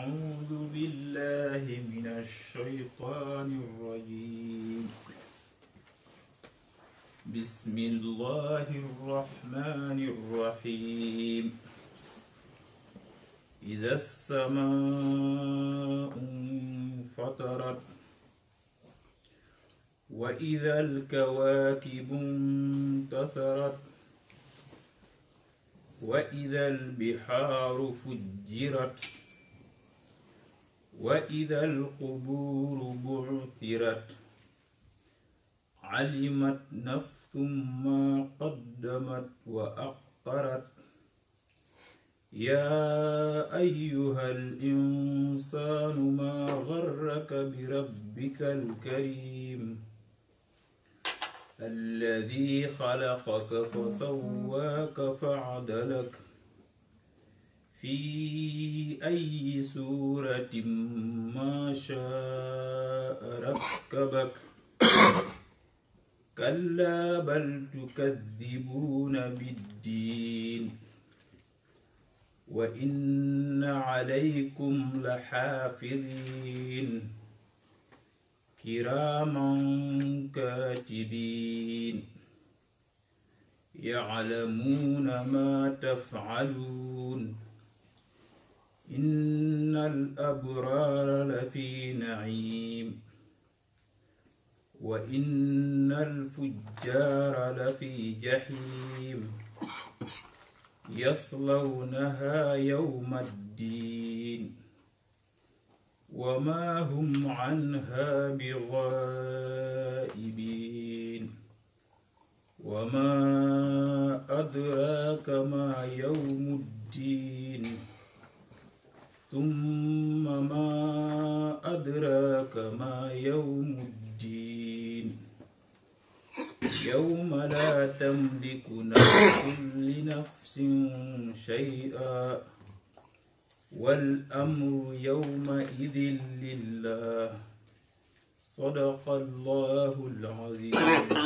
أعوذ بالله من الشيطان الرجيم بسم الله الرحمن الرحيم إذا السماء انفطرت وإذا الكواكب انتثرت وإذا البحار فجرت وإذا القبور بعثرت علمت نفس ما قدمت وأقرت يا أيها الإنسان ما غرك بربك الكريم الذي خلقك فسواك فعدلك في أي سورة ما شاء ركبك كلا بل تكذبون بالدين وإن عليكم لحافظين كراما كاتبين يعلمون ما تفعلون إن الأبرار لفي نعيم وإن الفجار لفي جحيم يصلونها يوم الدين وما هم عنها بغائبين وما أدراك ما يوم والأمر يومئذ لله صدق الله العظيم بسم الله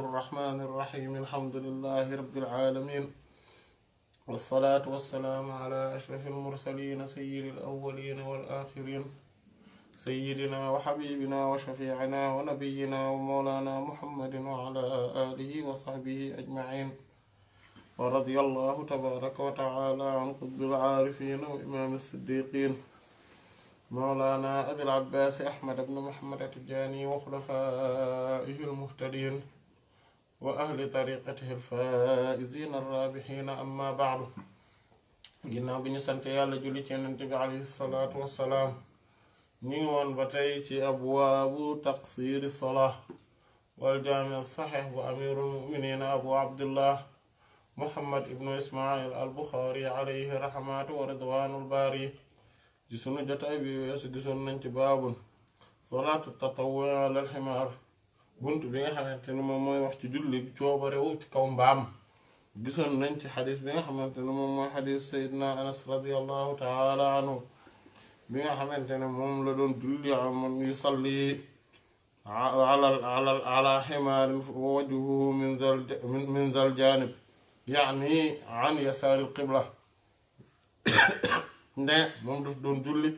الرحمن الرحيم الحمد لله رب العالمين والصلاة والسلام على أشرف المرسلين سيد الأولين والآخرين سيدنا وحبيبنا وشفيعنا ونبينا ومولانا محمد وعلى آله وصحبه أجمعين ورضي الله تبارك وتعالى عن قطب العارفين وإمام الصديقين مولانا أبي العباس أحمد بن محمد التجاني وخلفائه المهتدين وأهل طريقته الفائزين الرابحين أما بعد جنا بني سنتي يالا جولي تي عليه الصلاة والسلام ñu ngi woon ba tey ci abwaabu taqsiiri salaa wal jaami saxiix bu amirul muminina abu abdullah muhammad ibnu ismail al buxaari alayhi raxmatu wa ridwaanul baari ci sunu jotaay bi weesu gisoon nañ ci baabun salaatu tatawwu alal ximaar bunt bi nga xamante ne moom mooy wax ci julli coobarewu ci kaw mbaam gisoon nañ ci xadis bi nga xamante ne moom mooy xadis sayidna anas radiallahu taala anhu bi nga xamante ne moom la doon julli moom yusalli ala ala ala ximaarin wajhuhu min zal min zal janib yaani an yasaaril qibla ne moom daf doon julli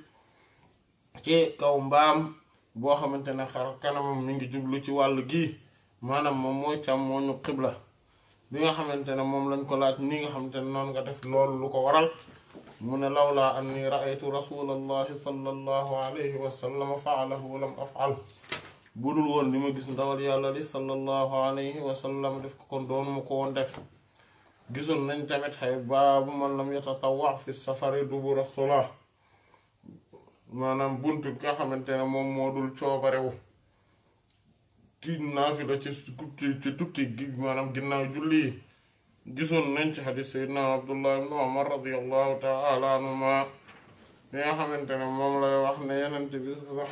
ci kaw mbaam boo xamante ne xar kanamam mi ngi jublu ci wàll gii maanaam moom mooy càmmooñu qibla bi nga xamante ne moom lañ ko laaj ni nga xamante ne nga def loolu lu ko waral mu ne lawlaa anni raaytu rasulallahi sallallahu alayhi wa sallam faalahu lam afal budul woon li ma gis ndawal yàlla li sallallahu alayhi wa sallam def ko kon doon mu ko woon def gisoon nañ tamit xay baabu man lam yatatawwa fi safari dubura sola maanaam bunt nga xamante ne moom moo dul coobarewu ti naafila ci tukki ci tukki gi maanaam ginnaaw julli yi gisoon nañ ci xadis sayidna abdullah ibnu omar radiallahu taala anhuma li nga xamante ne moom lay wax ne yenente bi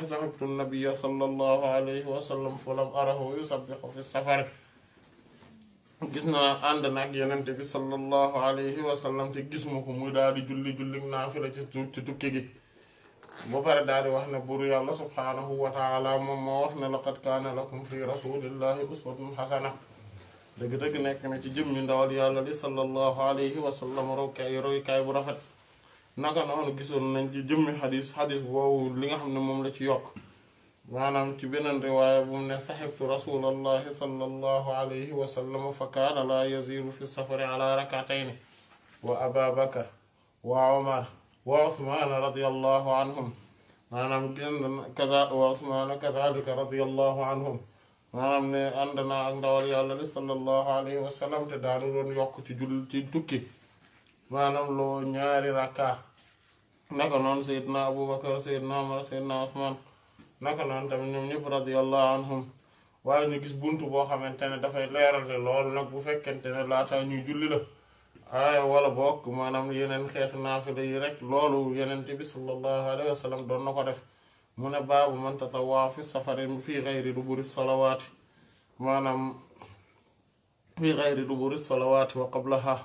saxibtu nabia sallallahu alayhi wa sallam falam arahu yusabixu fi safar gis naa ànd nag yenente bi sallallahu alayhi wa sallam te gis ma ko muy daal di julli julli naafila ci ci tukki gi bu pare daal di wax ne buur yàlla subhaanahu wa taala moom moo wax ne laqad kaana lakum fi rasulillahi uswatun xasana deug deug nek na ci jëm ñu ndawal yàlla li sallallahu alayhi wa sallam roykaay kay bu rafet naka non gisoon nañ ci jëmmi hadith hadith boobu li nga xamne mom la ci yok manam ci benen riwaya bu mu ne sahibtu rasulallahi sallallahu alayhi wa sallam fa kana la yazilu fi safar ala rak'atayn wa aba bakar wa umar wa uthman radiyallahu anhum manam génn kaza wa uthman kaza radiyallahu anhum maanaam ne ànd naa ak ndawal yàlla de sallallahu alayhi wa sallam te daanu doon yokk ci jul ci tukki maanaam loo ñaari rakka naka noonu seydna abubakar seydna umar seydna usman naka noonu tamit ñoom ñëpp radiallahu anhum waaye ñu gis bunt boo xamante ne dafay leeral ne loolu nag bu fekkente ne laataa ñuy julli la aaya wala bokk maanaam yeneen xeetu naafila yi rek loolu yeneen bi sallallahu alayhi wa doon na ko def mu ne baabu man tatawaa fi safarin fii xayri duburi salawaati maanaam du xayri duburi salawaati wa qablaha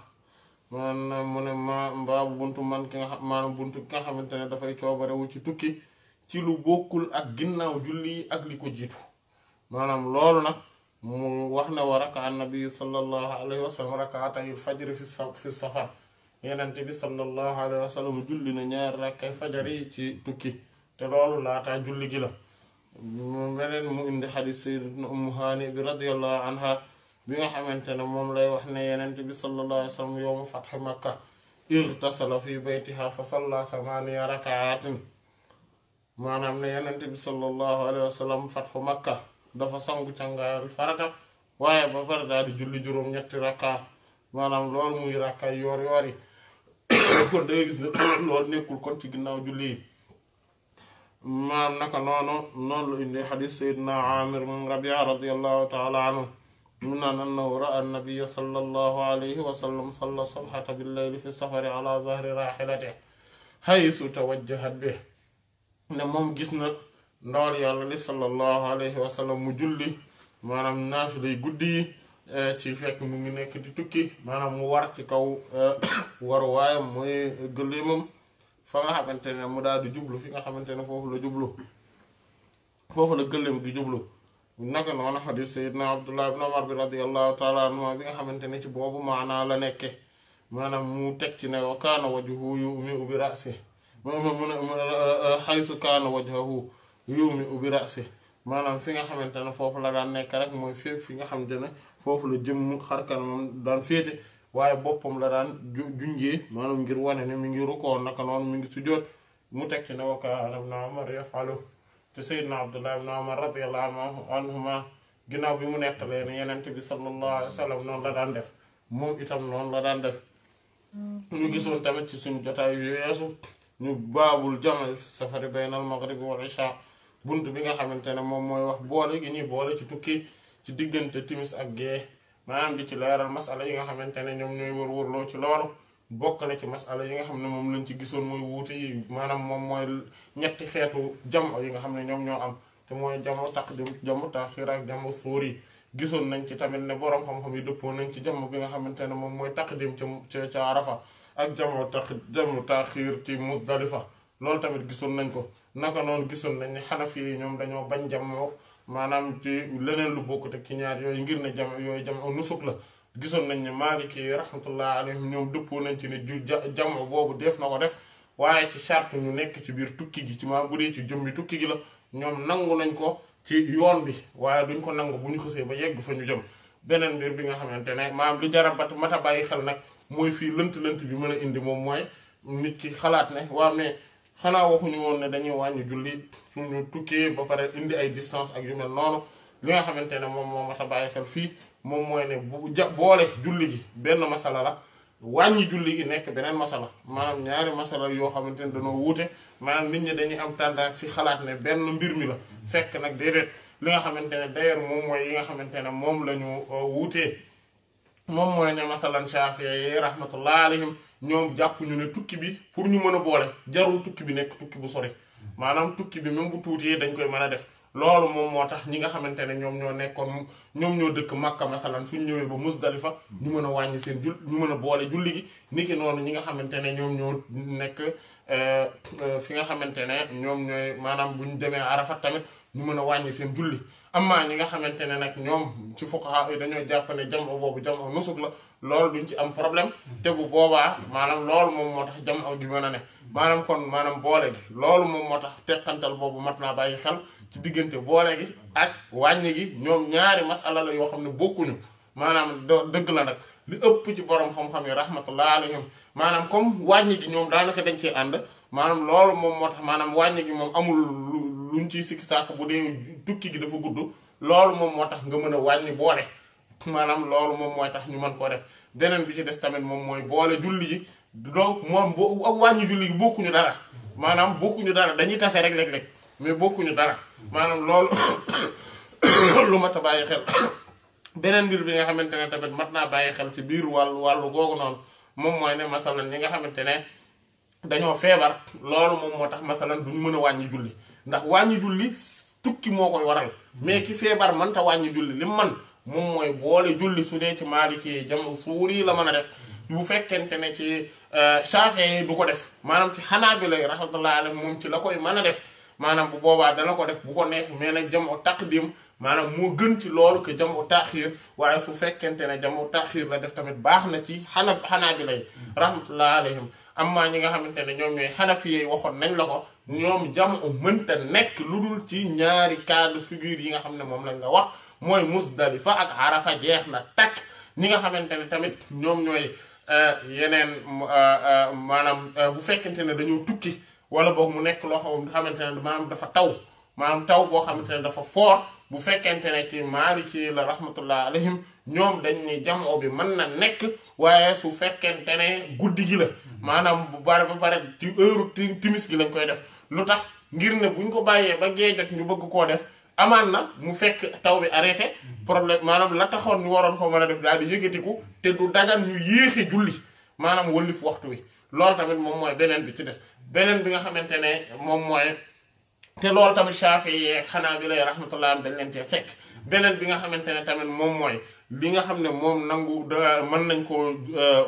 maanaam mu ne ma baabu buntu man ki nga xam maanaam buntu ki nga xamante ne dafay coobarewu ci tukki ci lu bokkul ak ginnaaw julli ak li ko jiitu maanaam lool nag mu wax ne wa raka annabi sallallahu alayhi wa sallam rakaatayil fajri fi fi safar bi sallallahu alayhi wa sallam julli na ñaari rakkay fajar yi ci tukki te loolu laataa julli gi la beneen mu indi xadis sayyidatuna ummu haani bi radiyallahu anha bi nga xamante ne moom lay wax ne yenent bi sallallahu alayhi wa sallam yowmu fatxi makka irtasala fi baytiha bi sallallahu alayhi wa sallam fatxu makka dafa sangu càngaayal farata waaye ba pare daal di julli juróom ñetti rakka maanaam loolu muy rakka yoor yoori kon loolu nekkul kon ci ginnaaw julli yi ما نك نانو نل إن حديث سيدنا عامر من ربيع رضي الله تعالى عنه من أنه رأى النبي صلى الله عليه وسلم صلى الصبحة بالليل في السفر على ظهر راحلته حيث توجهت به نمم جسنا نار يالله صلى الله عليه وسلم مجلي ما نم نافلي قدي تشيفك مغنيك تتوكي ما نم وارتكو ورواي مي قليمم fa nga xamante ne mu daal di jublu fi nga xamante ne foofu la jublu la gëléem gi jublu naka noonu xadis sayidna abdullah ibn omar bi nga xamante ne ci boobu maanaa la nekke maanaam mu teg ci ne wa kaana wajhu yumi ubi rasi mu ne xaytu kaana wajhahu yumi ubi maanaam fi nga xamante ne foofu la daan nekk rek mooy fépp fi nga xamante ne foofu la jëm xarkan moom daan féete waaye boppam la daan ju junjee maanaam ngir wane ne mi ngi rukkoo naka noonu mi ngi sujjóot mu tekki ne wa kaana ibnu Umar yafalu te Seydina Abdullah ibnu Umar radiyallahu anhuma ginnaaw bi mu nettalee ne yenent bi sallallahu alayhi wa noonu la daan def moom itam noonu la daan def mm. ñu gisoon tamit ci suñu jotaay yu weesu ñu baabul jama safari baynal maghrib wal isha bunt bi nga xamante ne moom mooy wax boole gi ñuy boole ci tukki ci diggante timis ak gée maanaam di ci leeral masala yi nga xamante ne ñoom ñooy wër-wërloo ci loolu bokk na ci masala yi nga xam ne moom lañ ci gisoon mooy wuute yi maanaam moom mooy ñetti xeetu jamo yi nga xam ne ñoom ñoo am te mooy jamo taqdim jamo taxiir ak jamo suur yi gisoon nañ ci tamit ne boroom xam yi dëppoo nañ ci jamo bi nga xamante ne moom mooy taqdim ca ca Arafa ak jamo tax jamo taxiir ci Musdalifa loolu tamit gisoon nañ ko naka noon gisoon nañ ne xanafi yi ñoom dañoo bañ jamo maanaam ci leneen lu bokk te ci ñaar yooyu ngir ne jam yooyu jam nusuk la gisoon nañ ne maaliki rahmatullah alayhim ñoom dëppoo nañ ci ne ju jam boobu def na ko def waaye ci charte ñu nekk ci biir tukki gi ci maanaam bu dee ci bi tukki gi la ñoom nangu nañ ko ci yoon bi waaye duñ ko nangu bu ñu xësee ba yegg fa ñu jëm beneen mbir bi nga xamante ne maanaam li jara bat mata bàyyi xel nag mooy fii lënt-lënt bi mën a indi moom mooy nit ki xalaat ne xanaa waxuñu woon ne dañuy wàññi julli suñu tukkee ba pare indi ay distance ak yu mel noonu li nga xamante ne moom moo mat a bàyyi xel fii moom mooy ne ja boole julli gi benn masala la wàññi julli gi nekk beneen masala maanaam ñaari masala yoo xamante ne dañoo wuute maanaam nit ñi dañuy am tendance benn mbir mi la fekk nag déedéet li nga xamante ne d'ailleurs moom mooy yi nga xamante ne moom la ñu euh, wuutee moom mooy ne masalan Shafi'i rahmatullah alayhim ñoom jàpp ñu ne tukki bi pour ñu mën a boole jarul tukki bi nekk tukki bu sori maanaam tukki bi même bu tuuti dañ koy mën a def loolu moom moo tax ñi nga xamante ne ñoom ñoo nekkoon ñoom ñoo dëkk Makka masalan suñ ñëwee ba Musdalifa ñu mën a wàññi seen jul ñu mën a boole julli gi niki noonu ñi nga xamante ne ñoom ñoo nekk euh, fi nga xamante ne ñoom ñooy maanaam buñ ñu demee Arafat tamit ñu mën a wàññi seen julli amaa ñi nga xamante ne nag ñoom ci fuqaha yi dañoo jàpp ne jamono boobu jamono nusuk la loolu duñ ci am problème te boobaa maanaam loolu moom moo tax jam aw gi mën a ne maanaam kon maanaam boole gi loolu moom moo tax teqantal boobu mat naa bàyyi xel ci diggante boole gi ak wàññi gi ñoom ñaari masala yoo xam ne bokkuñu maanaam doo dëgg la nag li ëpp ci borom xam-xam yi rahmatullah alayhim maanaam comme wàññi gi ñoom daanaka dañ cee ànd maanaam loolu moom moo tax maanaam wàññi gi moom amul luñ ciy sikki sàkk bu dee tukki gi dafa gudd loolu moom moo tax nga mën a wàññi boole maanaam loolu moom mooy tax ñu man koo def deneen bi ci des tamit moom mooy boole julli yi donc moom boo wàññi julli bokkuñu dara maanaam bokkuñu dara dañuy tase rek léeg-léeg mais bokkuñu dara maanaam loolu lu mat a bàyyi xel beneen mbir bi nga xamante ne tamit mat naa bàyyi xel ci biir wàllu wàllu googu noonu moom mooy ne masalan li nga xamante ne dañoo feebar loolu moom moo tax du duñu mën a wàññi julli ndax wàññi julli tukki moo koy waral mais ki feebar mënta wàññi julli li mu mën mom moy boole julli su dee ci maaliki jam suuri la mëna def bu fekkente ne ci Shaafi'i du ko def manam ci lay rahmatullahi alayhi mom ci la koy mëna def manam bu boba da la ko def bu ko neex mais nak jamu taqdim manam mo gën ci loolu ke jamu taxiir waaye su fekkente ne jamu taxiir la def tamit bax na ci xana lay rahmatullahi alayhi amma ñi nga xamante ne ñoy ñooy Hanafi yi waxoon nañ la ko ñoom jamu mënta nekk luddul ci ñaari cadre figure yi nga xamne mom lañ la wax mooy Musdalifa ak Arafa jeex na takk ñi nga xamante ne tamit ñoom ñooy euh, yeneen euh, euh, maanaam bu fekkente ne dañoo tukki wala boog mu nekk loo xamante ne maanaam dafa taw maanaam taw boo xamante ne dafa foor bu fekkente ne ci Maaliki la rahmatullah alayhim ñoom dañ ne jamoo bi mën na nekk waaye su fekkente ne guddi gi la maanaam bu bare ba bare ci heure timis gi lañ koy def lu tax ngir ne buñ ko bàyyee ba gee jot ñu bëgg koo def amana na mu fekk taw bi arrêté problème manam la taxone ñu waron ko mën def daal di yëkkatiku te du dagan ñu yéexi julli manam wëllif waxtu wi lool tamit mom moy benen bi ci dess benen bi nga xamantene mom moy te lool tamit shafi ak xanaa bi lay rahmatullah dañ leen cee fekk benen bi nga xamantene tamit mom moy li nga xamne mom nangu man nañ ko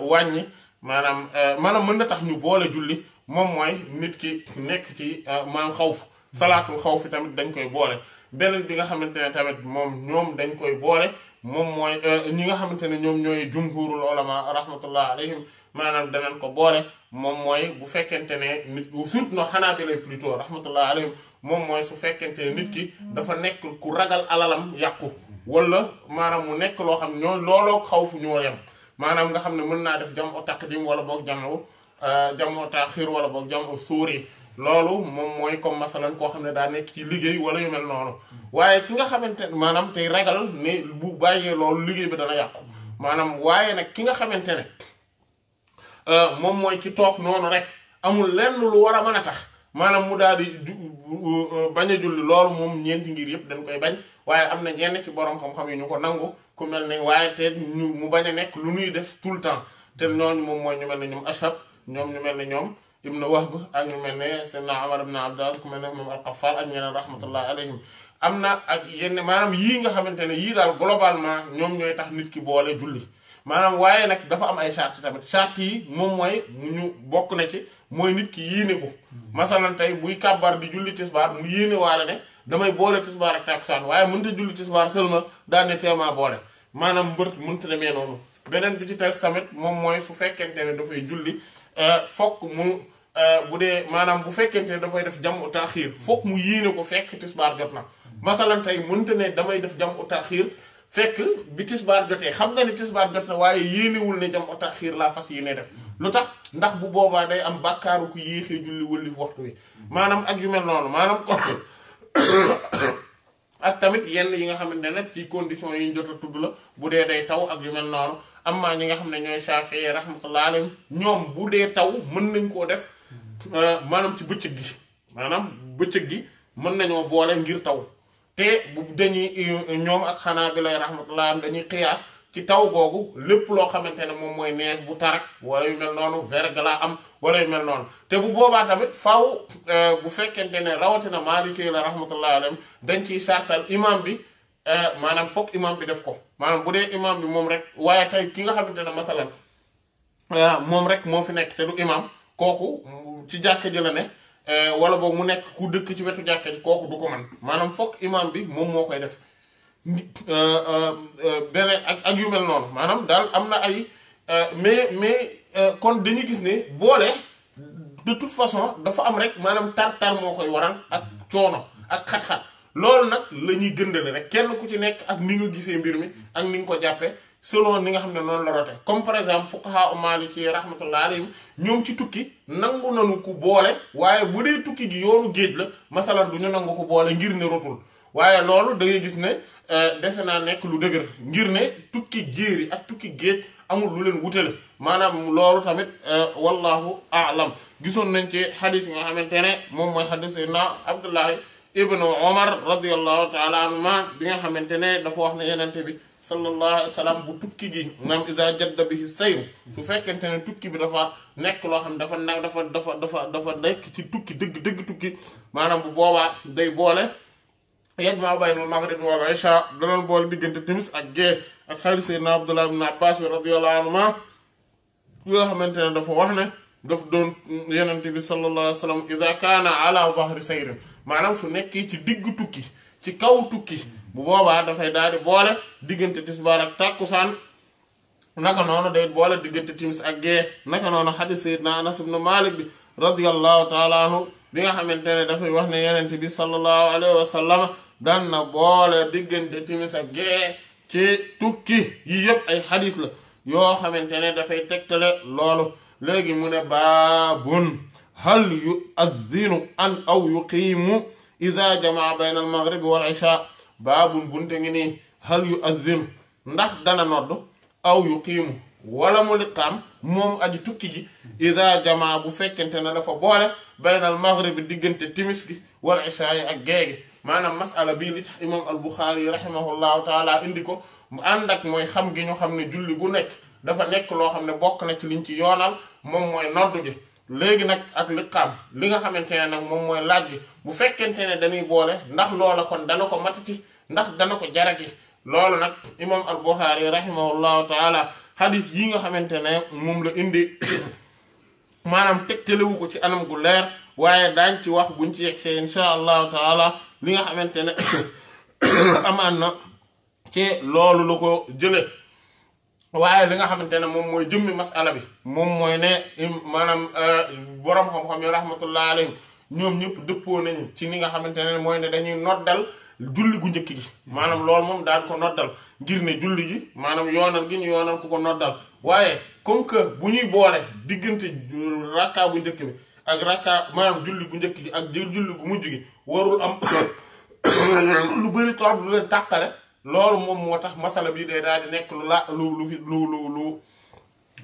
wàññi manam manam mën tax ñu boole julli mom moy nit ki nekk ci maam xawf salaatul xawfi tamit dañ koy boole beneen bi nga xamante ne tamit moom ñoom dañ koy boole moom mooy euh, ñi nga xamante ne ñoom ñooy jumhurul ulama rahmatullah alayhim maanaam danañ ko boole moom mooy bu fekkente ne nit surtout no xanaabila plutôt rahmatullah alayhim moom mooy su fekkente ne nit ki dafa nekk ku ragal alalam yàqu wala maanaam mu nekk loo xam ñoo looloo xaw fu ñoo yam maanaam nga xam ne mën naa def jam o taqdim wala boog jamu euh, jamu taaxir wala boog jamu suuri loolu moom mooy comme masalan koo xam ne daa nekk ci liggéey wala yu mel noonu waaye ki nga xamante ne maanaam tey ragal ni bu bàyyee loolu liggéey bi dana yàqu maanaam waaye nag ki nga xamante ne euh, moom mooy ki toog noonu rek amul lenn lu war a mën a tax maanaam mu daal di euh, euh, bañ a loolu moom ñeenti ngir yëpp dañ koy bañ waaye am na ñenn ci borom xam-xam ñu ko nangu ku mel ne waaye te ñu mu bañ a nekk lu nuy def tout le temps te ñooñu moom mooy ñu mel ne ñoom ashab ñoom ñu mel ne ñoom. ibnu wahb ak ñu mel ne seydna amar ibn abdas ku mel ne moom alqafal ak ñeneen rahmatullah alayhim am na ak yenn maanaam yii nga xamante ne yii daal globalement ñoom ñooy tax nit ki boole julli maanaam waaye nag dafa am ay charte tamit chart yi moom mooy mu ñu bokk na ci mooy nit ki yéene ko masalan tey buy kàbbar di julli tisbaar mu yéene waale ne damay boole tisbaar ak takusaan waaye mënta julli tisbaar seulement daal ne teema boole maanaam mbër mënta demee noonu beneen bi ci tamit moom mooy su fekkente ne dafay julli Euh, fokk mu euh, bu dee maanaam bu fekkente ne dafay def jam u fokk mu yéene ko fekk tisbaar jot na masalan tey mënta ne damay def jam u fekk bi tisbaar jotee xam nga ne tisbaar jot na waaye yéenewul ne jam u taaxiir laa fas yéene def lu tax ndax bu boobaa day am bàkkaaru ku yéexee julli wëllif waxtu wi maanaam ak yu noonu maanaam kon ak tamit yenn yi nga xamante ne ci condition yi ñu jot a tudd la bu dee day taw ak yu noonu amma ñi nga xam ne ñooy Shafi'i rahmatullah alayhim ñoom bu dee taw mën nañ koo def euh, maanaam ci bëccëg gi maanaam bëccëg gi mën nañoo boole ngir taw te bu dañuy ñoom ak xanaa bi lay rahmatullah dañuy xiyaas ci taw boobu lépp loo xamante ne moom mooy nees bu tarak wala yu mel noonu verglas am wala mel noonu te bu boobaa tamit faaw euh, bu fekkente ne rawatina Maliki la rahmatullah alayhim dañ ciy sartal imam bi Eh, maanaam foog imam bi def ko maanaam bu dee imam bi moom rek waaye tey ki nga xamante ne masalan eh, moom rek moo fi nekk te du imam kooku ci jàkka ji la ne eh, wala boog mu nekk ku dëkk ci wetu jàkka ji kooku du ko man maanaam foog imam bi moom moo koy def beneen ak ak yu noonu maanaam daal am na ay mais mais kon dañu gis ni boole de toute façon dafa am rek maanaam tar-tar moo koy waral ak coono ak xat-xat loolu nag la ñuy gëndale rek kenn ku ci nekk ak ni nga gisee mbir mi ak ni nga ko jàppee selon ni nga xam ne noonu la rote comme par exemple fuqaha u maliki ci rahmatullah alayhim ñoom ci tukki nangu nanu ku boole waaye bu dee tukki gi yoonu géej la masalan du ñu nangu ko boole ngir ne rotul waaye loolu da ngay gis ne euh, dese naa nekk lu dëgër ngir ne tukki jéeri ak tukki géej amul lu leen wutale maanaam loolu tamit euh, wallahu aalam gisoon nañ ci xadis yi nga xamante ne moom mooy xadis naa ibnu omar radiallahu taala anhuma bi nga xamante ne dafa wax ne yenente bi sallallahu alayhi wa sallam bu tukki gi maam isa jadda bihi sayru su fekkente ne tukki bi dafa nekk loo xam dafa na dafa dafa dafa dafa nekk ci tukki dëgg dëgg tukki maanaam bu boobaa day boole yajmaa bayna al-maghrib wal isha danoon boole diggante timis ak gée ak xarit seydna abdullah ibn abbas bi radiallahu anhuma yoo xamante ne dafa wax ne daf doon yenente bi sallallahu alayhi wa sallam ida kaana ala zahri sayrin maanaam su nekkee ci digg tukki ci kaw tukki bu boobaa dafay daal di boole diggante tisbaar ak tàkkusaan naka noonu day boole diggante timis ak gee naka noonu xadis sayyidina anas ibnu malik bi radiyallahu taala anhu bi nga xamante ne dafay wax ne yenente bi sallallahu alayhi wa sallam daan na boole diggante timis ak gee ci tukki yii yëpp ay xadis la yoo xamante ne dafay tegtale loolu léegi mu ne baabun هل يؤذن أن أو يقيم إذا جمع بين المغرب والعشاء باب بنتيني هل يؤذن ندخ دنا نورد أو يقيم ولا ملقام موم ادي توكي إذا جمع بو فكنتنا لا بين المغرب ديغنت تيمسكي والعشاء اك جيغي مانام مساله بي لي امام البخاري رحمه الله تعالى انديكو اندك موي خمغي ني خمني جولي بو نيك دا فا نيك لو خمني بوك نا سي لي نتي يونال léegi nag ak liqaam li nga xamante ne nag moom mooy laaj bi bu fekkente ne dañuy boole ndax loola kon dana ko matati ndax dana ko jarati loolu nag imam al Buxaari rahimahullahu taala hadis yi nga xamante ne moom la indi maanaam tegtalewu ko ci anam gu leer waaye daañ ci wax buñ ci yegsee insha allahu taala li nga xamante ne amaan na ci loolu la ko jële waaye li nga xamante ne moom mooy jëmmi masala bi moom mooy ne maanaam euh, borom xam-xam yi rahmatullah alayhim ñoom ñëpp dëppoo nañu ci ni nga xamante ne mooy ne dañuy noddal julli gu njëkk gi maanaam loolu moom daal ko noddal ngir ne julli gi maanaam yoonal gi ñu yoonal ko ko noddal waaye comme que bu ñuy boole diggante rakka bu njëkk bi ak rakka maanaam julli gu njëkk gi ak julli gu mujj gi warul am lu bëri trop lu leen tàqale loolu moom moo tax masala bi day daal di nekk lu la lu lu lu lu lu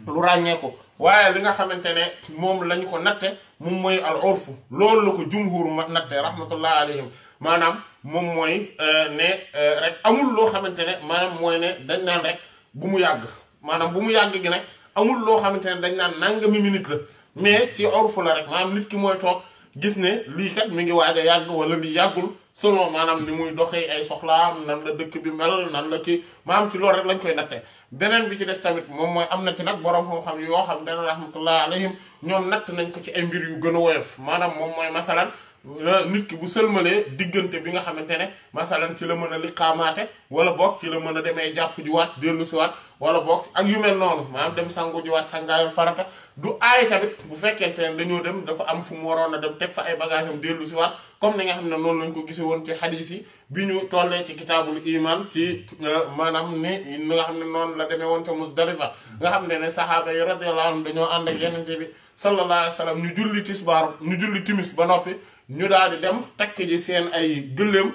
lu ràññeeku waaye li nga xamante ne moom lañu ko natte moom mooy al urfu loolu la ko jumhur ma natte rahmatullah alayhim maanaam moom mooy euh, ne euh, rek amul loo xamante ne maanaam mooy ne dañ naan rek bu mu yàgg maanaam bu mu yàgg gi nag amul loo xamante ne dañ naan nangami minute la mais ci urfu la rek maanaam nit ki mooy toog gis ne lii kat mi ngi waaj a yàgg wala lii yàggul selon maanaam ni muy doxee ay soxlaam nan la dëkk bi mel nan la ki maanaam ci loolu rek lañ koy natte beneen bi ci des tamit moom mooy am na ci nag borom koo xam yoo xam ne rahmatullahi alayhim ñoom natt nañ ko ci ay mbir yu gën a woyof maanaam moom mooy masalan Euh, nit ki bu sëlmalee diggante bi nga xamante ne masalan ci la mën a liqaamaate wala boog ci la mën a demee jàpp juwaat dellu siwaat wala boog ak yu mel noonu maa dem sangu juwaat sangaayul farata du aay tamit bu fekkente ne dañoo dem dafa am fu mu waroon a dem teg fa ay bagage am dellu siwaat comme ni nga xam ne noonu lañ ko gise woon ci xadiis yi bi ñu tollee ci kitaabul iman ci euh, maanaam ni nga xam ne noonu la demee woon ca Musdalifa nga xam ne ne sahaaba yi radiyallahu dañoo ànd ak yenente bi sallallahu alayhi wa sallam ñu julli tisbaar ñu julli timis ba noppi ñu daal di dem takk ji seen ay gëléem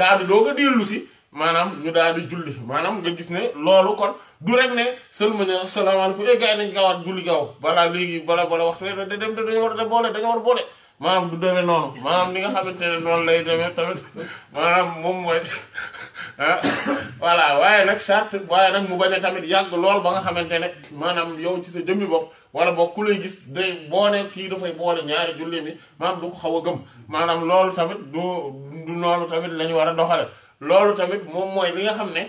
daal di doog a dellu si maanaam ñu daal di julli maanaam nga gis ne loolu kon du rek ne seulement ne salaamaaleykum eh gars yi nañ gaawaat julli gaaw balaa léegi balaa balaa waxtu rek da dem dañu war a boole dañu war boole. maanaam du demee noonu maanaam li nga xamante ne noonu lay demee tamit maanaam moom mooy ah voilà waaye nag charte waaye nag mu bañ a tamit yàgg lool ba nga xamante ne maanaam yow ci sa jëmmi bopp wala boog ku lay gis day ne kii dafay boole ñaari julli mi maanaam du ko xaw a gëm maanaam loolu tamit du du noonu tamit lañu war a doxale loolu tamit moom mooy li nga xam ne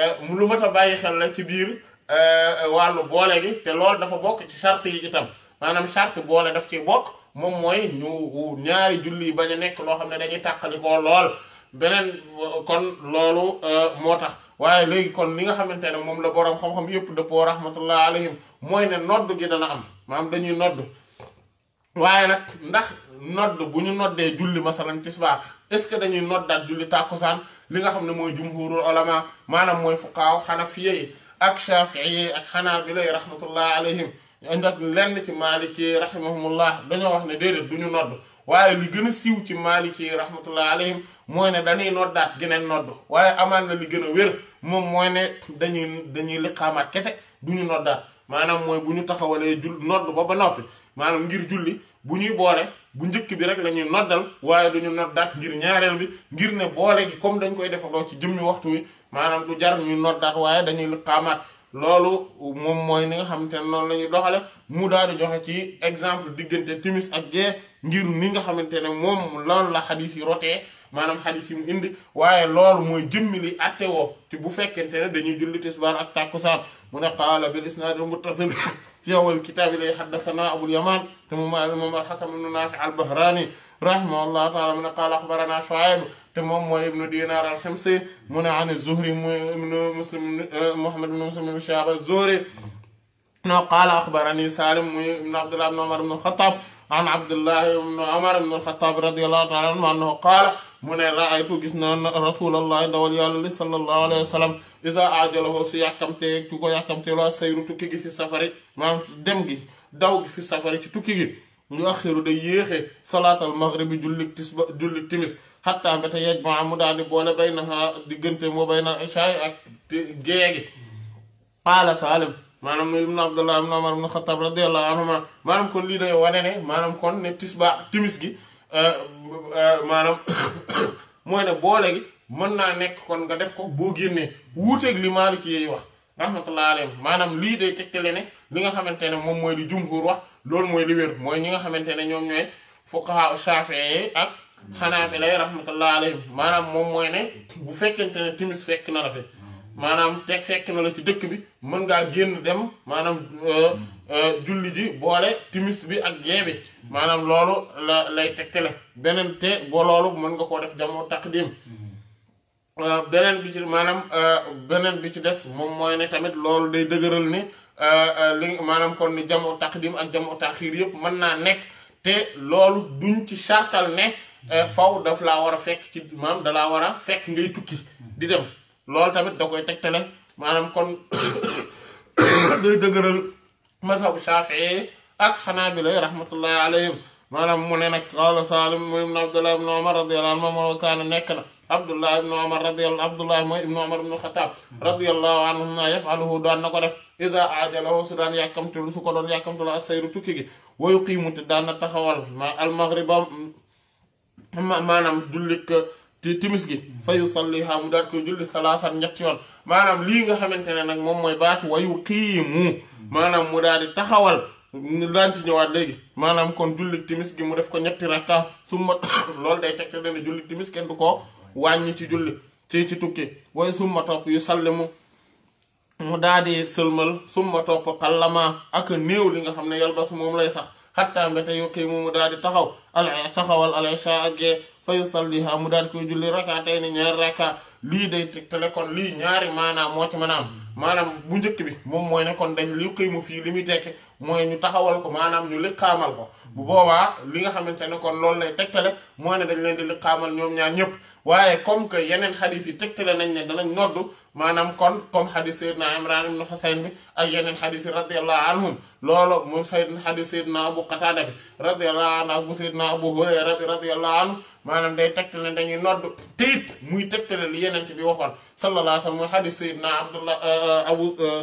eh, lu mat a bàyyi xel la ci biir eh, wàllu boole gi te loolu dafa bokk ci charte yi itam maanaam charte boole daf ciy bokk moom mooy ñu ñaari julli yi bañ a nekk loo xam ne dañuy tàqalikoo lool beneen kon loolu euh, moo tax waaye léegi kon li nga xamante ne moom la boroom xam-xam yëpp dëppoo rahmatullah alayhim mooy ne nodd gi dana am maanaam dañuy nodd waaye nag ndax nodd bu ñu noddee julli masalan tisbaar est-ce que dañuy noddaat julli tàkkusaan li nga xam ne mooy jumhurul ulama maanaam mooy fuqaaw xanafiyye ak shaafi'iyye ak xanaabila rahmatullah alayhim ndax lenn ci maaliki rahimahumullah dañoo wax ne déedéet du ñu nodd waaye li gën a siiw ci maaliki rahmatullah alayhim mooy ne dañuy noddaat geneen nodd waaye amaan na li gën a wér moom mooy ne dañuy dañuy liqaamaat kese du ñu noddaat maanaam mooy bu ñu taxawalee jul nodd ba ba noppi maanaam ngir julli bu ñuy boole bu njëkk bi rek lañuy ñuy noddal waaye du ñu noddaat ngir ñaareel bi ngir ne boole gi comme dañ koy defaloo ci ñu waxtu wi maanaam du jar ñuy noddaat waaye dañuy liqaamaat loolu moom mooy ni nga xamante ne noonu la ñuy doxale mu daal di joxe ci exemple diggante timis ak gee ngir ni nga xamante ne moom loolu la xadis yi rotee maanaam xadis yi mu indi waaye loolu mooy jëmmili li atte woo ci bu fekkente ne dañuy julli tisbaar ak tàkkusaan mu ne qaala bil isnaadil muttasil fi awwal kitaabi lay xaddasanaa abul yamaan te mu maal moom alxakam ibnu naafi albahraani rahimahullahu taala mu ne qaala axbaranaa shuayb te mom moy ibnu dinar al khamsi mun ne an Zuhri mu ibnu Muslim Muhammad ibn Muslim ibnu az-Zuhri no qala akhbarani Salim ibn abd Abdullah ibnu Umar ibn khattab an abd allah ibn Umar ibn khattab radiyallahu ta'ala anhu annahu qaala mu raaytu gisna rasul allah dawal yàlla li sallallahu alayhi wasallam idha ajalahu su yàkkamtee ku ko yàkkamtee loo sayru tukki gi fi safari man dem gi daw gi fi safari ci tukki gi yu axiru day salat al maghrib julli tisba julli timis xattaa ba yegg ma mu daal di boole bay na diggante moo bay na ishaay ak géegi qaala Salim maanaam ibn Abdullah ibn Umar ibn Xattaab radiyallahu anhuma maanaam kon lii day wane ne maanaam kon ne tisba timis gi euh, euh, maanaam mooy ne boole mën naa nekk kon nga def ko boo génnee wuuteeg li Maaliki yi wax rahmatullahi alayhi maanaam lii day tegtale ne li nga xamante ne moom mooy li jumhur wax loolu mooy li wér mooy ñi nga xamante ne ñoom ñooy fuqaha Shaafi'i ak xanaa bi lay rahmatullah alayhim maanaam moom mooy ne bu fekkente ne timis fekk na la fi maanaam teg fekk na la ci dëkk bi mën ngaa génn dem maanaam euh, euh, julli ji boole timis bi ak gee bi maanaam loolu la lay beneen te boo mën nga koo def jamoo taqdim euh, beneen bi ci maanaam beneen bi ci des moom mooy ne tamit loolu day dëgëral ni li maanaam kon ni jamoo dim ak jamoo taxiir yépp mën naa nekk te loolu duñ ci sartal ne faw daf la wara fekk ci maanaam da la wara fekk ngay tukki di dem loolu tamit da koy tektale manam kon day dëgëral mazhabu shafi'i ak Hanaabila rahmatullahi alayhim manam mu ne nag qaala Saalim mooy ibn Abdullah ibn Umar radiyallahu anhu mo kan nek na Abdullah ibn Umar radiyallahu Abdullah mooy ibn Umar ibn khattab radiyallahu anhu ma yaf'aluhu daan nako def ida ajalahu sudan yakamtu su ko don yakamtu la as-sayru tukki gi wayuqimu yuqiimu daan taxawal ma al-maghriba maanaam jullit ti timis gi fa yusalliha mu daat koy julli salaasan ñetti yoon maanaam lii nga xamante ne nag moom mooy baatu wayu qiimu maanaam mu daal di taxawal daan ci ñëwaat léegi maanaam kon julli timis gi mu def ko ñetti rakka summa lool day tegte dana julli timis kenn du ko wàññi ci julli ci ci tukki way summa topp yu sallimu mu daal di sëlmal summa topp xallama ak néew li nga xam ne yalbas moom lay sax xatta mbéte yuqiimu mu daal di taxaw al taxawal al isha ak gee fa yusalliha mu daal koy julli raka tey ni ñaari raka lii day tegtale kon lii ñaari maanaam moo ci maanaam maanaam bu njëkk bi moom mooy ne kon dañ yuqiimu fii li muy tekki mooy ñu taxawal ko maanaam ñu liqaamal ko bu boobaa li nga xamante ne kon loolu lay tegtale mooy ne dañ leen di liqaamal ñoom ñaar ñëpp waaye comme que yeneen xadis yi tegtale nañ ne danañ noddu maanaam kon comme xadis Seydina Imran ibn Husayn bi ay yeneen xadis yi radiallahu anhum loolo moom Seydina xadis Seydina Abu Qatada bi radiallahu anhu ak bu Seydina Abu Hurayra bi maanaam day tegtale dañuy noddu te it muy tegtale li yeneen bi waxoon sallallahu alayhi wa sallam mooy xadis Seydina Abdullah euh, euh, Abu euh,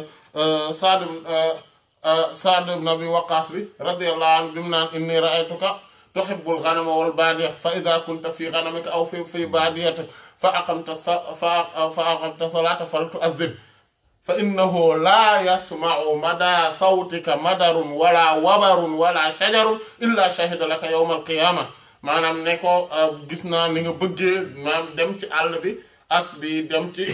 bi radiallahu anhu bi naan inni ra'aytuka تحب الغنم والبادية فإذا كنت في غنمك أو في في باديتك فأقمت فأقمت الصلاة فلتؤذن فإنه لا يسمع مدى صوتك مدر ولا وبر ولا شجر إلا شهد لك يوم القيامة maanaam ne ko gis naa ni nga bëggee maanaam dem ci àll bi ak di dem ci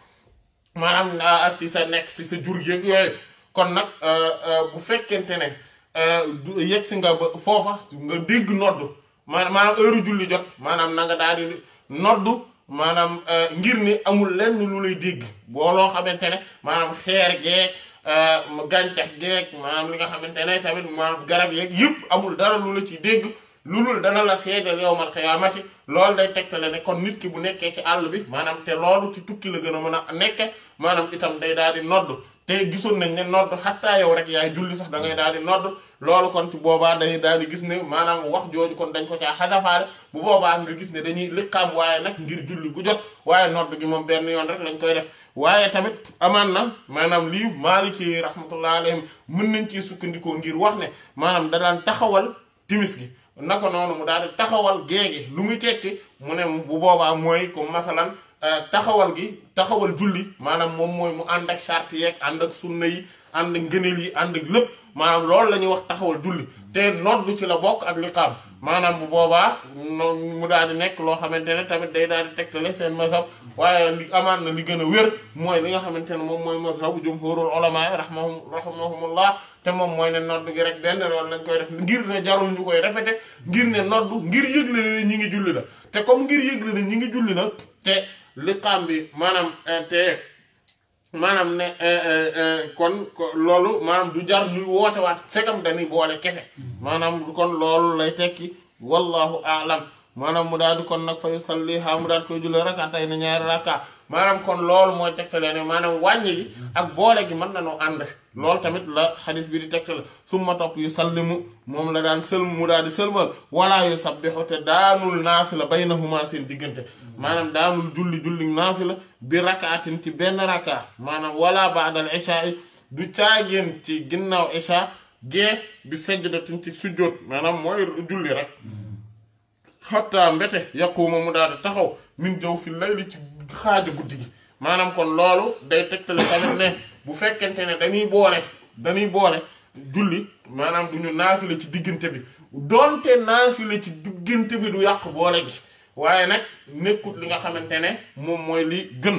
maanaam آه، ak ci sa nekk ci sa jur yëg yooyu kon nag آه، آه، bu fekkente ne Euh, yegg si nga ba foofa nga dégg nodd maanaam heure julli jot maanaam na nga daal di nodd maanaam euh, ngir ni amul lenn lu lay dégg boo loo xamante ne maanaam xeer geeg euh, gàncax geeg maanaam li nga xamante ne tamit maanaam garab yeeg yëpp amul dara lu la ci dégg lu dul dana la seedal yowmal xiyaamati loolu day tegtale ne kon nit ki bu nekkee ci àll bi maanaam te loolu ci tukki la gën a mën a nekke maanaam itam day daal di nodd te gisoon nañ ne nodd xattaa yow rek yaay julli sax da ngay daal di nodd loolu kon ci boobaa dañuy daal di gis ne maanaam wax jooju kon dañ ko caa xasafaale bu boobaa nga gis ne dañuy liqaam waaye nag ngir julli gu jot waaye nodd gi moom benn yoon rek lañ koy def waaye tamit amaan na maanaam lii maaliki rahmatullahi alayhim mën nañ ci sukkandikoo ngir wax ne maanaam dadaan taxawal timis gi naka noonu mu daal di taxawal gée gi lu muy ti mu ne bu boobaa mooy comme masalan euh, taxawal gi taxawal julli maanaam moom mooy mu ànd ak charte yeeg ànd ak sunna yi ànd ak ngëneel yi ànd lépp maanaam loolu la ñuy wax taxawal julli te noddu ci la bokk ak liqaam maanaam bu boobaa mu daal di nekk loo xamante ne tamit day daal di tegtale seen mazhab waaye li amaan na li gën a wér mooy li nga xamante ne moom mooy mazhabu jumhurul ulama rahmahum rahimahumullah te moom mooy ne noddu gi rek benn loolu lañ koy def ngir ne jarul ñu koy répété ngir ne noddu ngir yëgle ne ñi ngi julli na te comme ngir yëgle ne ñi ngi julli la te liqaam bi maanaam eh, te maanaam ne eh, eh, eh, kon loolu maanaam du jar luy woote waat segam dañuy boole kese mm-hmm. maanaam kon loolu lay tekki wallahu alam maanaam mu daal di kon nag fa yusalliha mu daal koy jullee rakatay na ñaari rakaa maanaam kon loolu mooy tegtale ne maanaam wàññi gi ak boole gi mën nañoo ànd loolu tamit la xadis bi di tegtale summa topp yu mu moom la daan sëlm mu daal di sëlmal wala yu sabbixu te daanul naafila baynahuma seen diggante maanaam daanul julli julli naafila bi rakaatin ci benn rakka maanaam wala baadal isha yi du caageen ci ginnaaw isha gee bi sajdatin ci sujjóot maanaam mooy julli xatta mbete yàquwuma mu daal di taxaw min jëw fi layli ci xaaju guddi gi maanaam kon loolu day tegtale tamit ne bu fekkente ne dañuy boole dañuy boole julli maanaam du ñu naafile ci diggante bi doonte naafile ci diggante bi du yàq boole gi waaye nag nekkut li nga xamante ne moom mooy li gën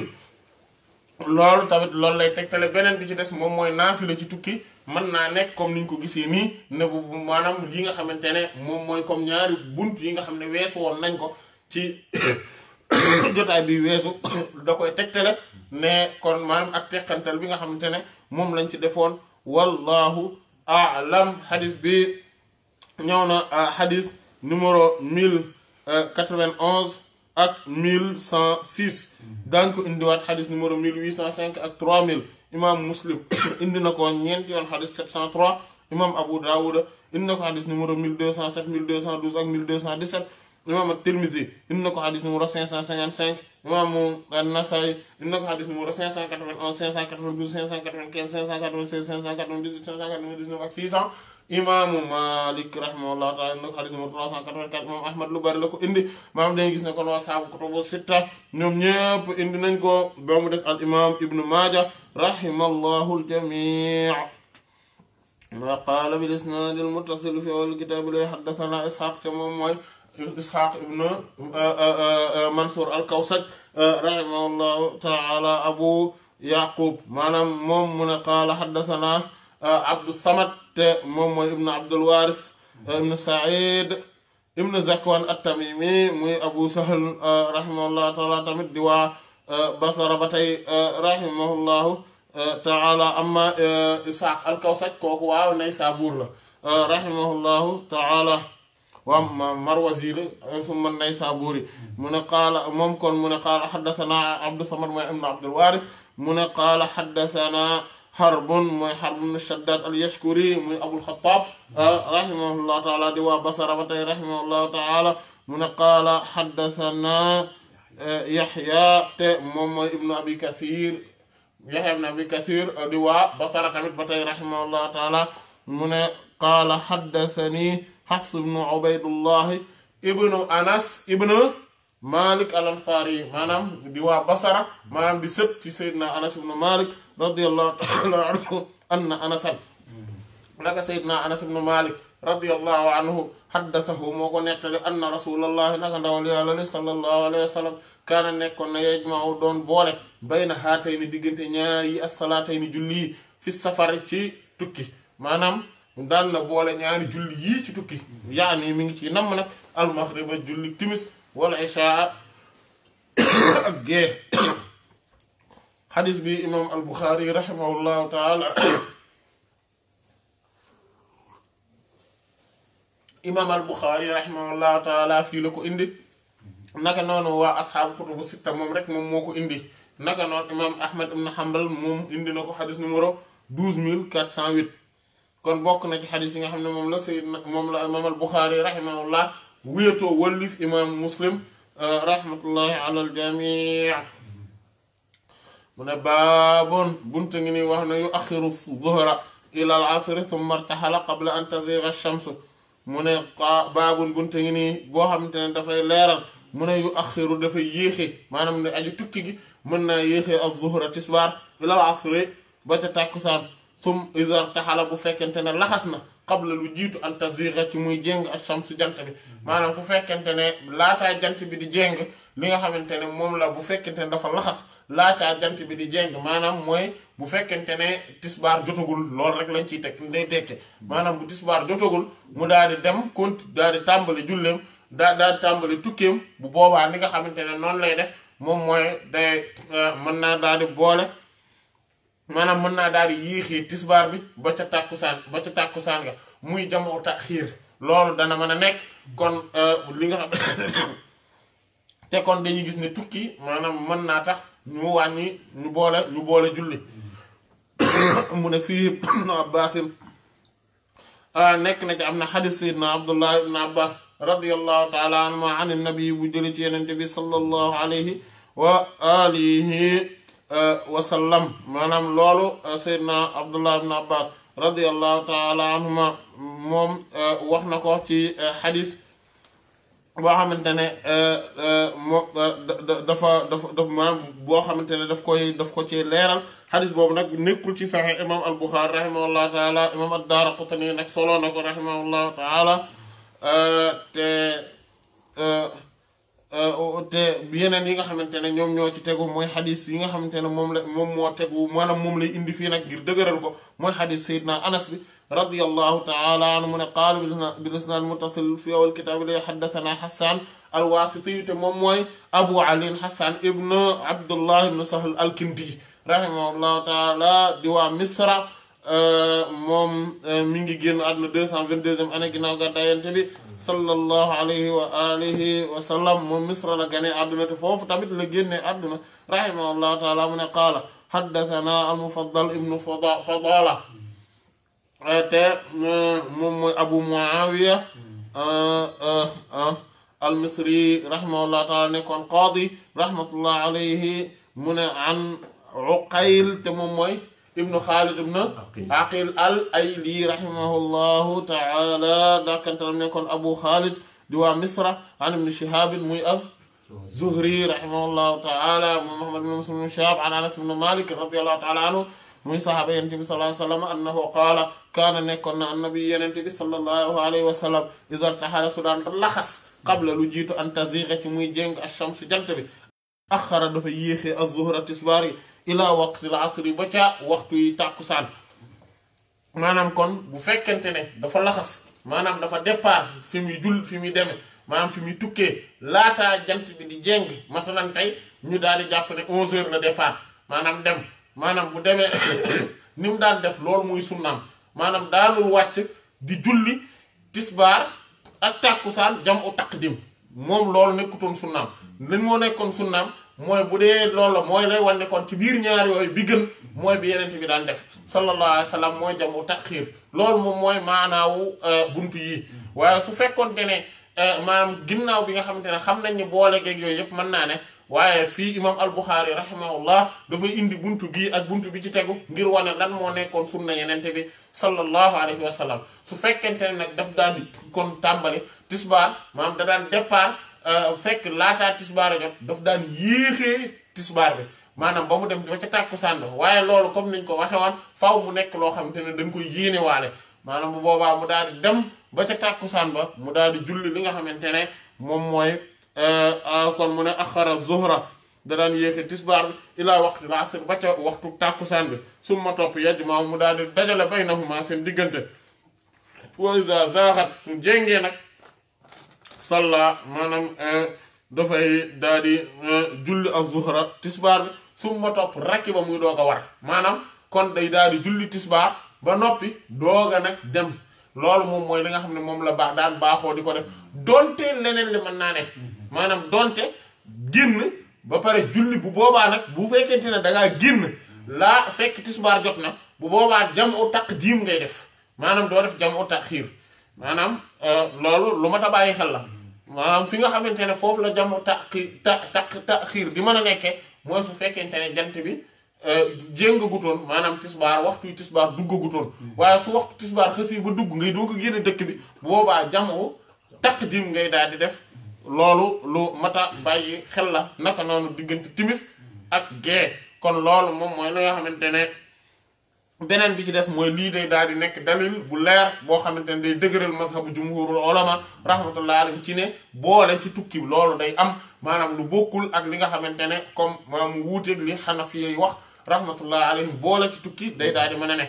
loolu tamit loolu lay tegtale beneen bi ci des moom mooy naafile ci tukki mën naa nekk comme ñu ko gisee nii ne bu maanaam li nga xamante ne moom mooy comme ñaari bunt yi nga xam ne weesu woon nañ ko ci jotaay bi weesu da koy tegtale ne kon maanaam ak teqantal bi nga xamante ne moom lañ ci defoon wallahu alam xadis bi ñëw na xadis euh, numéro 1091 euh, ak 1106 daañu ko indiwaat xadis numéro 1805 ak 3000 imaam muslim indi na ko ñeenti yoon xadis 703 imaam abu daawuda indi na ko xadis numéro 1207 1212 ak 1217 imaam at-tirmidhi indi na ko xadis numéro 555 imaam an indi na ko xadis numéro 591 592 595 596 598 599 ak 600 imam Malik rahimahullahu taala nag xadis numéro 384 moom Ahmad lu bari la indi maanaam dañuy gis ne kon waa saabu kutubu sitta ñoom ñëpp indi nañ ko ba mu al imam Ibnu majah rahimallahu al-jamii ma qaala bil isnaad al-muttasil fi awwal kitaab la haddathana Isxaaq te moom mooy Isxaaq ibnu Mansour al-Kawsaj rahimahullahu taala Abu Yaqub maanaam moom haddathana abdou samad te moom mooy ibnu abdul waris ibnu said ibnu zakwan at-tamimi muy abu sahl rahimahullahu taala tamit di waa basara ba tey rahimahullahu taala amma isaaq al-kawsaj kooku waaw naysaabuur la rahimahullahu taala waa marwazi la summa naysaabuuri mu ne qaala moom kon mu ne qaala xaddasanaa abdou samad mooy ibnu abdul waris mu ne qaala xaddasanaa حرب من حرب الشداد اليشكري من ابو الخطاب رحمه الله تعالى ديوا بصره وتي رحمه الله تعالى من قال حدثنا يحيى موم ابن ابي كثير يحيى ابن ابي كثير ديوا بصره تامت بتي رحمه الله تعالى من قال حدثني حفص بن عبيد الله ابن انس ابن مالك الانصاري مانام ديوا بصره مانام دي سيدنا انس ابن مالك radiyallahu taala anhu anna anasan naka sayyidna anas ibnu malik radiyallahu anhu haddasahu moo ko nettali anna rasulallahi naka ndawal yàlla li sallallahu alayhi wa sallam kaana nekkoon na yajma'u doon boole bayna haatayni diggante ñaari yi assalaatayni julli yi fi safar ci tukki maanaam daan na boole ñaari julli yi ci tukki yaani mi ngi ci namm nag almaghriba julli timis wala ishaa ak xadis bi imaam al buxaari raximahullahu taala imaam al buxaari raximahullahu taala fii la ko indi naka noonu waa asxaabu kutubu sitta moom rek moom moo ko indi naka noonu imaam ahmad ibn hanbal moom indi na ko xadis numéro 12408 kon bokk na ci xadis yi nga xam ne moom la sayyidna moom la imaam al buxaari raximahullah wéetoo wallif imaam muslim raxmatullahi ala al jamii mu ne baabon bunte ngi ni wax ne yu axiru zuhra ila al asri thumma irtahala qabla an taziga shamsu mu ne baabun bunte ngi nii boo xamante ne dafay leeral mu ne yu axiru dafay yéexee maanaam ne aju tukki gi mën naa yéexee ak zuhra tisbaar ila al asri ba ca tàkkusaan sum iza irtahala bu fekkente ne laxas na qabla lu jiitu an taziga ci muy jéng ak shamsu jant bi maanaam fu fekkente ne laataa jant bi di jéng li nga xamante ne moom la bu fekkente ne dafa laxas laacaa gant bi di jeng maanaam mooy bu fekkente ne tisbaar jotagul loolu rek lañ ciy teg day tekke maanaam bu tisbaar jotagul mu daal di dem kont daal di tàmbali julleem daa daal di tàmbali tukkeem bu boobaa li nga xamante ne noonu lay def moom mooy day euh, mën naa daal di boole maanaam mën naa daal di yéexee tisbaar bi ba ca tàkkusaan ba ca tàkkusaan nga muy jamoo xiir loolu dana mën a nekk kon euh, li nga xam te kon dañuy gis ne tukki manam man na tax ñu wañi ñu boole ñu boole julli mu ne fi ibn abbas a nek na ci amna hadith xadis abdullah ibn abbas radiyallahu taala anhuma an nabi bu jële ci yenente bi sallallahu alayhi wa alihi wa sallam manam lolu sayidna abdullah ibn abbas radiyallahu taala anhuma mom wax nako ci hadith boo xamante ne euh, euh, moo dafa dafa da maanaam boo xamante ne daf koy daf ko ci leeral xadis boobu nag nekkul ci saxe imam al buxaari rahimahullahu taala imam ad-daaraqutni nag soloo na ko rahimahullahu taala euh, te te yeneen yi nga xamante ne ñoom ñoo ci tegu mooy xadis yi nga xamante ne moom la moom moo tegu maanaam moom lay indi fii nag ngir dëgëral ko mooy xadis sayyidina anas bi رضي الله تعالى عن من قال بالاسناد المتصل في اول كتاب لي حدثنا حسان الواسطي تمموي ابو علي حسان ابن عبد الله بن سهل الكندي رحمه الله تعالى ديوا مصر موم ميغي ген ادنا 222 انا غيناو غدا ينتبي صلى الله عليه واله وسلم موم مصر لا غني ادنا فوفو تاميت لا رحمه الله تعالى من قال حدثنا المفضل ابن فضاله te moom mooy abu muawiya al misri rahimahullah taala nekkoon qaadi rahmatullah alayhi mu ne an uqayl te moom mooy ibnu xaalid ibnu aqil al ayli rahimahullahu taala daakantaram nekkoon abu xaalid di waa misra an ibnu shihabin muy as zuhri rahimahullahu taala mu muhammad ibnu muslim ibnu shihab an anas ibnu malik radiallahu taala anhu muy sahaaba yonent bi sallallahu alayhi wa sallam annahu qaala kaana nekkoon na annabi yonent bi sallallahu alayhi wa sallam isartaxala su daan laxas qabla lu jiitu an taziga ci muy jéng ash-shams jant bi axara dafa yéexee az-zuhra tisbaar yi ilaa waqtil asri ba ca waxtu yi tàkkusaan maanaam kon bu fekkente ne dafa laxas maanaam dafa départ fi muy jul fi muy deme maanaam fi muy tukkee laataa jant bi di jéng masalan tey ñu daal di jàpp ne 11 heures la départ maanaam dem maanaam bu demee ni mu daan def loolu muy sunnaam maanaam daanul wàcc di julli tisbaar ak tàkkusaan jam u taqdim moom loolu nekkutoon sunnaam lan moo nekkoon sunnaam mooy bu dee loolu la mooy lay wane kon ci biir ñaar yooyu bi gën mooy bi yeneen bi daan def sallallahu alayhi wa sallam mooy jamu taxiir loolu moom mooy maanaawu euh, buntu yi waaye su fekkoon te euh, maanaam ginnaaw bi nga xamante ne xam nañ ni boole geeg yooyu yëpp mën naa ne waaye fii imam al-Bukhari rahimahullah dafay indi bunt bii ak buntu bi ci tegu ngir wane lan moo nekkoon sunna yenente bi sallallahu alayhi wa sallam su fekkente ne nag daf daan kon tàmbali tisbaar maanaam da daan départ euh, fekk laataa tisbaar a jot daf daan yéexee tisbaar bi maanaam ba mu dem ba ca tàkkusaan waaye loolu comme niñ ko waxe woon faaw mu nekk loo xamante ne dañ koy yéene waale maanaam bu boobaa mu daal di dem ba ca tàkkusaan ba mu daal di julli li nga xamante ne moom mooy Euh, ah, kon mu ne axara zuhra da daan yéexe tisbaar bi ilaa waqtil asr ba ca waxtu tàkkusaan bi summa topp yaj maa mu daal di dajale baynahuma seen diggante wa iza zaaxat nag salla maanaam euh, dafay daal di euh, julli ak zuhra tisbaar topp rakki ba muy doo ko war maanaam kon day daal di julli tisbaar ba noppi doog a nag dem loolu moom mooy li nga xam ne moom la baax daan baaxoo di ko def donte leneen li man naa ne maanaam donte génn ba pare julli bu boobaa nag bu fekkente ne da ngaa génn laa fekk tisbaar jot na bu boobaa jam u taqdiim ngay def maanaam doo def jam u taxiir maanaam euh, loolu lu mat a bàyyi xel la maanaam fi nga xamante ne foofu la jam u taqi ta taq taxiir mën a nekkee mooy su fekkente ne jant bi euh, jéngagutoon maanaam tisbaar waxtuy tisbaar duggagutoon waaye su waxtu tisbaar xësi ba dugg ngay doog a dëkk bi bu boobaa jam u taqdiim ngay daal di def loolu lu mata bàyyi xel la naka noonu diggante timis ak gee kon loolu moom mooy li nga xamante ne beneen bi ci des mooy lii day daal di nekk dalil bu leer boo xamante ne day dëgëral mazhabu jumhurul ulama rahmatullah alayhim ci ne boole ci tukki loolu day am maanaam lu bokkul ak li nga xamante ne comme maanaam mu wuuteeg li xanafiya yi wax rahmatullah alayhim boole ci tukki day daal di mën a ne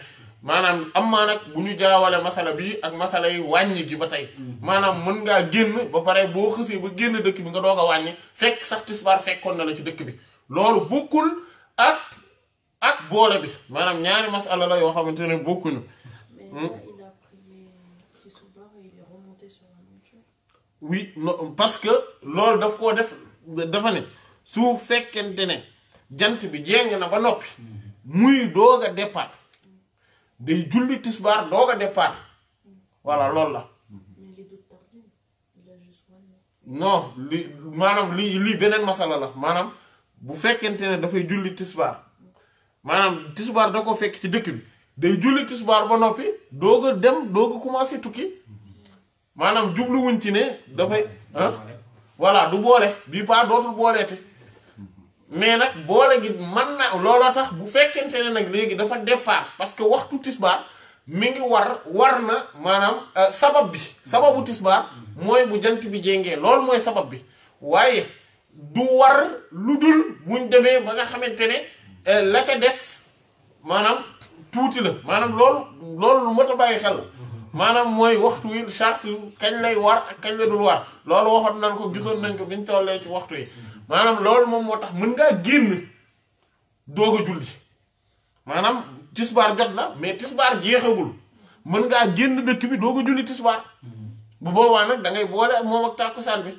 maanaam am maa nag bu ñu jaawale masala bi ak masala yi wàññi gi ba tey maanaam mën ngaa génn ba pare boo xësee ba génn dëkk bi nga doog a wàññi fekk sax tisbaar fekkoon na la ci dëkk bi loolu bokkul ak ak boole bi maanaam ñaari masala la yoo xamante ne bokkuñu oui parce que loolu daf koo def dafa ne su fekkente ne jant bi jéng na ba noppi mm-hmm. muy doog a départ day julli tisbaar ko a départ voilà mm-hmm. loolu la. no li maanaam li lii beneen masala la maanaam bu fekkente ne dafay julli tisbaar maanaam tisbaar da ko fekk ci dëkk bi day julli tisbaar ba noppi doog a dem doog a commencé tukki maanaam jubluwuñ ci ne dafay. ah du boole bii paa dootul booleete. mais nag boole gi man na looloo tax bu fekkente ne nag léegi dafa départ parce que waxtu tisbaar mi ngi war war na maanaam euh, sabab bi sababu tisbaar mooy bu jant bi jéngee loolu mooy sabab bi waaye du war lu dul buñ demee ba nga xamante ne euh, la ca des maanaam tuuti la maanaam loolu loolu mat a bàyyi xel maanaam mooy waxtu wi charte kañ lay war ak kañ la dul war loolu waxoon nañ ko gisoon nañ ko biñ tollee ci waxtu yi maanaam loolu moom moo tax mën ngaa génn dooga a julli maanaam tisbaar jot na mais tisbaar jeexagul mën ngaa génn dëkk bi doog julli tisbaar bu boobaa nag da ngay boole ak moom ak tàkkusaan bi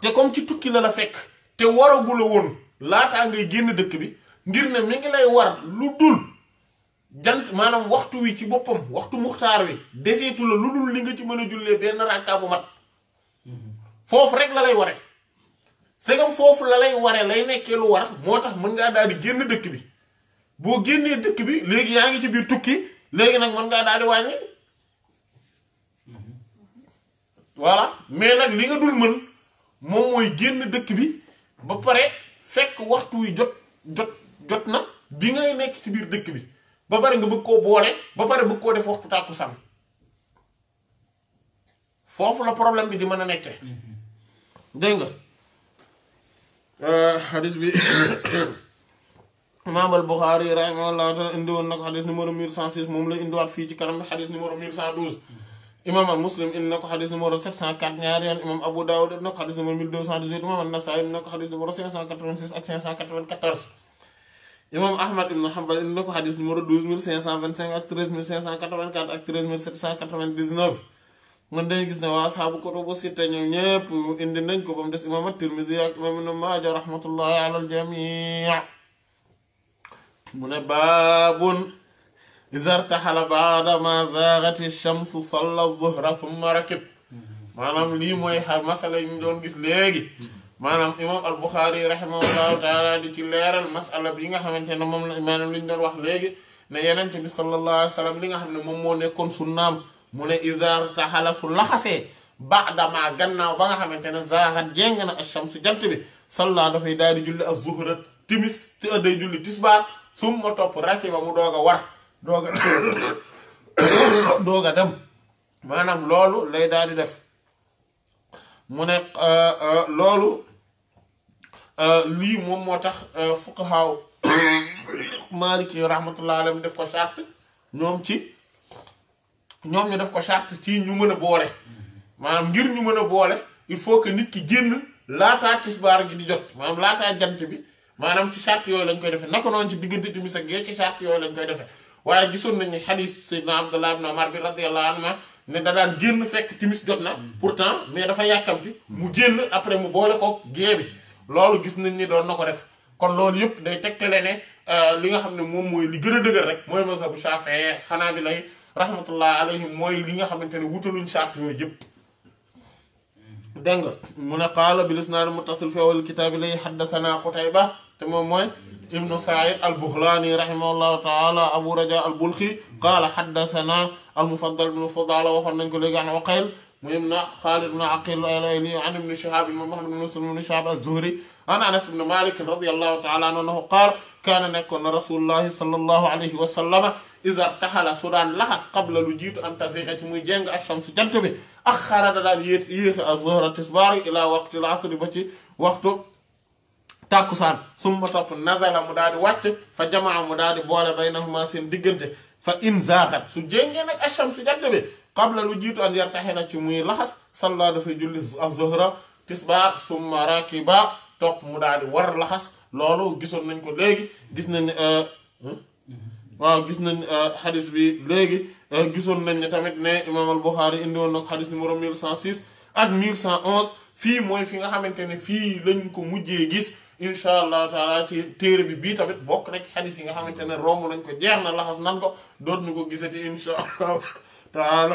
te comme ci tukki la la fekk te waragula woon laataa ngay génn dëkk bi ngir ne mi ngi lay war lu dul jant maanaam waxtu wi ci boppam waxtu muxtaar wi deseetu la lu dul li nga ci mën a jullee benn ràkkaa bu mat mm-hmm. foofu rek la lay ware segam foofu la lay ware lay nekkee lu war moo tax mën ngaa daal di génn dëkk bi boo génnee dëkk bi léegi yaa ngi ci biir tukki léegi nag mën ngaa daal di wàññi voilà mais nag li nga dul mën moom mooy génn dëkk bi ba pare fekk waxtu wi jot jot jot na bi ngay nekk ci biir dëkk bi ba pare nga bëgg koo boole ba pare bëgg koo def waxtu tàkkusaan foofu la problème bi di mën a nekkee mhm. dégg nga xadis euh, bi imaam al-Bukhari rahimahullahu taala indi woon na ko xadis numéro 1106 moom la indiwaat fii ci kanam xadis numéro 1112 imaam al muslim indi na ko xadis numéro 704 ñaari yoon imaam Abu Dawud indi na ko xadis numéro 1218 imaam an-Nasa'i indi na ko xadis numéro 586 ak 594. imaam Ahmad ibn Hanbal indi na ko xadis numéro 12525 ak 13584 ak 13799. man day gis ne waa asxaabu kutubu sitta indi nañ ko ba mu des imaam at-Tirmidhi ak imaam Ibn Maaja rahmatullahi mu ne baabun izaa irtahala ba'da maa zaaghati shamsu salla zuhra thumma rakib lii mooy xar masala yi ñu doon gis léegi maanaam imaam al-Bukhari rahimahullahu taala di ci leeral masala bi nga xamante ne moom la maanaam li ñu doon wax léegi ne Yonent bi sallallahu alayhi wa sallam li nga xam ne moom moo nekkoon sunnaam mune ne izar taxala lahase laxasee ma gannaaw ba nga xamantene ne zaaxat jéng na jant bi salla dafay daal di julli ak zuhra timis te day julli tisbaar summa topp rakiba mu doga war doga doga doog a dem maanaam loolu lay daal def mune ne loolu lii moom moo tax fuqahaaw rahmatullah alayhi def ko charte ñom ci ñoom ñu def ko charte ci ñu mën a boole maanaam ngir ñu mën a boole il faut que nit ki génn laataa tisbaar gi di jot maanaam laataa jant bi maanaam ci charte yooyu lañ koy defee naka noonu ci diggante timis ak gee ci charte koy defee waaye gisoon nañu xadis Seydina Abdullah ibn Umar bi radiyallahu anhu ne da daan génn fekk timis jot na pourtant mais dafa yàkkamti mu génn après mu boole ko gee bi loolu gis nañ ni doon na ko def kon loolu yëpp day tegtale ne euh, li nga xam ne moom mooy li gën dëgër rek mooy mazhabu Shafi'i xanaa bi lay rahmatullah alayhi moy li nga xamante wutulun charte sart yooyu deng dégg nga mu bil isnad muttasil fi awal kitab li hadathana Qutayba te mom moy ibnu Sa'id al bukhlani rahimahullahu ta'ala Abu Raja al bulkhi qala hadathana al-Mufaddal bin Fudala wa khon nango legan wa qail مهمنا خالد بن عقيل الايلاني عن ابن شهاب بن محمد بن مسلم بن شهاب الزهري عن انس بن مالك رضي الله تعالى عنه انه قال كان نكون رسول الله صلى الله عليه وسلم اذا ارتحل سوران لحس قبل لجيت ان تزيغت مي جنغ الشمس جنتبه اخر دلال يخ الظهر التسبار الى وقت العصر بتي وقت تاكسان ثم تاك نزل مداد وات فجمع مداد بول بينهما سين ديغنت فان زاغت سو جنغ نك الشمس جنتبه قبل لو جيتو ان يرتحينا تي موي لخص صلى الله في جل الظهر تسبا ثم راكبا توك مو دادي ور لخص لولو غيسون نانكو لغي غيس نان ا واو غيس نان حديث بي لغي غيسون نان ني تاميت ني امام البخاري اندي ون نك حديث نمبر 1106 اد 1111 في موي فيغا خامتيني في لنجكو موجي غيس ان شاء الله تعالى تي تير بي بي تاميت بوك نك حديث يغا خامتيني روم نانكو جيرنا لخص نانكو دوت نكو غيساتي ان شاء الله taala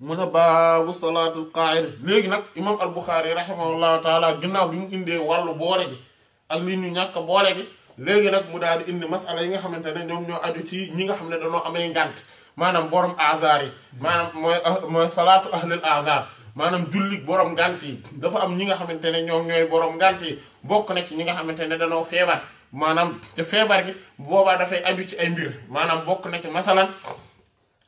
mu a baabu salaatul qaa'id léegi nag imaam al-Buxaari rahimahullahu taala ginnaaw bi mu indee wàllu boole gi ak li ñu ñàkk boole gi léegi nag mu daal di indi masala yi nga xamante ne ñoom ñoo ci ñi nga xam ne dañoo amee ngànt maanaam borom azar yi maanaam mooy mooy salaatu ahlil azar maanaam jullit borom ngànt yi dafa am ñi nga xamante ne ñoom ñooy borom ngànt yi bokk na ci ñi nga xamante ne dañoo feebar maanaam te feebar gi boobaa dafay aju ci ay mbir maanaam bokk na ci masalan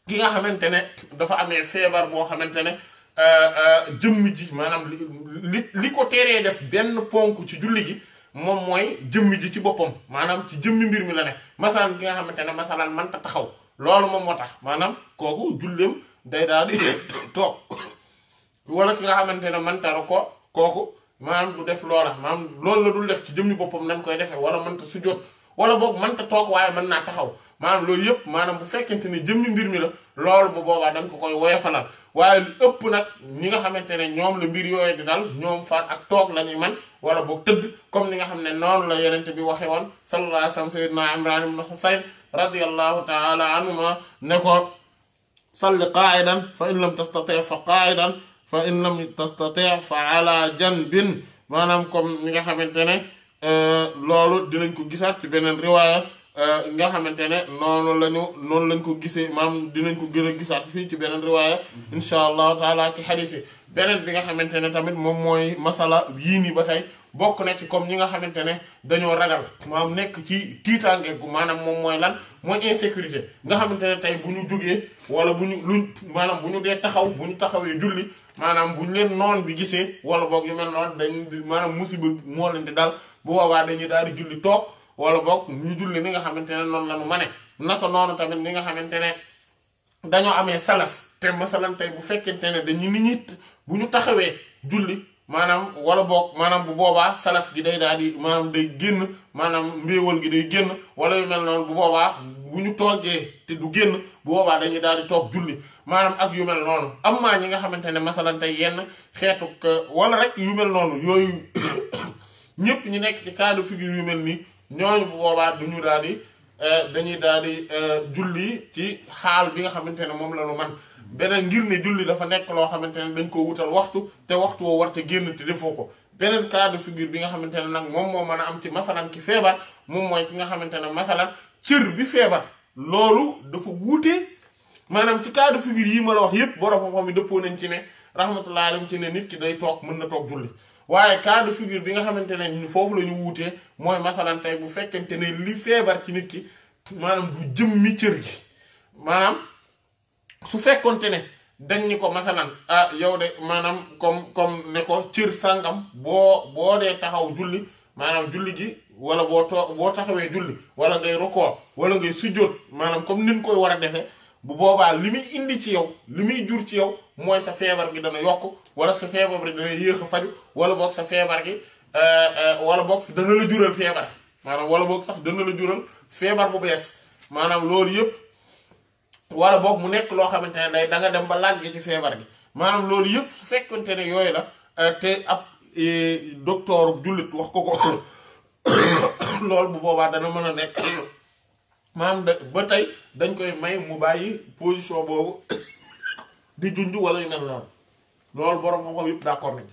ki nga xamante ne dafa amee feebar boo xamante ne euh, euh, jëmm ji maanaam li li ko def benn ponk ci julli gi moom mooy jëmm ji ci boppam maanaam ci jëmmi mbir mi la ne masalan ki nga xamante ne masalan mënta taxaw loolu moom moo tax maanaam kooku julleem day daal di toog wala ki nga xamante ne mënta ko kooku manam du def lo loola manam loolu la dul def ci jëmmi bopam nan koy defé wala man ta sujjóot wala bok man ta tok waye man na taxaw manam loolu yëpp manam bu fekkenti ni jëmmi mbir mi la loolu bu boba dañ ko koy woyofalal waye lu ëpp nak ñi nga xamantene ñom la mbir yooyu di dal ñom faat ak tok lañuy man wala bok tëdd comme ni nga xamne non la yenente bi waxe won sallallahu alayhi wa sallam sayyidina imran ibn husayn radiyallahu taala anhuma ne ko salli qaa'idan fa in lam tastati fa qaa'idan fa in lam tastati fa jan janbin maanaam comme ni nga xamante ne euh, loolu dinañ ko gisaat ci beneen riwaaya euh, nga xamante ne noonu la ñu noonu lañ ko gisee maam dinañ ko gën a gisaat fii ci beneen riwaaya insha allahu taala ci xadis beneen bi nga xamante ne tamit moom mooy masala yii nii ba tey bokk na ci comme ñi nga xamante ne dañoo ragal maanaam nekk ci tiitaange gu maanaam moom mooy lan mooy insécurité nga xamante ne tey bu ñu jugee wala bu ñu lu maanaam bu ñu dee taxaw bu ñu taxawee julli maanaam bu ñu leen noon bi gisee wala boog yu mel noonu dañ maanaam musiba moo leen di dal bu boobaa dañuy daal di julli toog wala boog ñu julli ni nga xamante ne noonu la ma ne naka noonu tamit ni nga xamante ne dañoo amee salas te masalan tey bu fekkente ne dañuy nit ñi bu ñu taxawee julli maanaam wala boog maanaam bu boobaa salas gi day daal di maanaam day génn maanaam mbéewal gi day génn wala yu mel noonu bu boobaa bu ñu toogee te du génn bu boobaa dañuy daal di toog julli maanaam ak yu mel noonu am maa ñi nga xamante ne masalante yenn xeetu wala rek yu mel noonu yooyu ñépp ñu nekk ci cas de figure yu mel nii ñooñu bu boobaa duñu daal di eh, dañuy daal di eh, julli ci xaal bi nga xamante ne moom la ñu man beneen ngir ne julli dafa nekk loo xamante ne dañ koo wutal waxtu te waxtu woo war te génn te defoo ko beneen cas de figure bi nga xamante ne nag moom moo mën a am ci masalan ki feebar moom mooy ki nga xamante ne masalan cër bi feebar loolu dafa wuute maanaam ci cas de figure yi ma la wax yépp borom xam-xam yi dëppoo nañ ci ne rahmatullah alam ci ne nit ki day toog mën na toog julli waaye cas de bi nga xamante ne foofu la ñu wuutee mooy masalan tey bu fekkente ne li feebar ci nit ki maanaam du jëmmi cër gi maanaam su fekkonte ne dañ ñu ko masalan ah yow de maanaam comme comme ne ko cir sàngam boo boo dee taxaw julli maanaam julli gi wala boo too boo taxawee julli wala ngay rokoo wala ngay sujjóot maanaam comme nin koy war a defee bu boobaa li muy indi ci yow li muy jur ci yow mooy sa feebar gi dana yokk wala sa feebar bi dana yéex a faju wala boog sa feebar gi eh, eh, wala boog dana la jural feebar maanaam wala boog sax dana la jural feebar bu bees maanaam loolu yëpp wala boog mu nekk loo xamante ne day da nga dem ba laaj ci feebar gi maanaam loolu yëpp su fekkonte ne yooyu la euh, te ab e, docteur jullit wax ko ko loolu bu boobaa dana mën a nekk maanaam da ba tey dañ koy may mu bàyyi position boobu di junj wala yu mel noonu loolu borom xam-xam yëpp d'accord nañ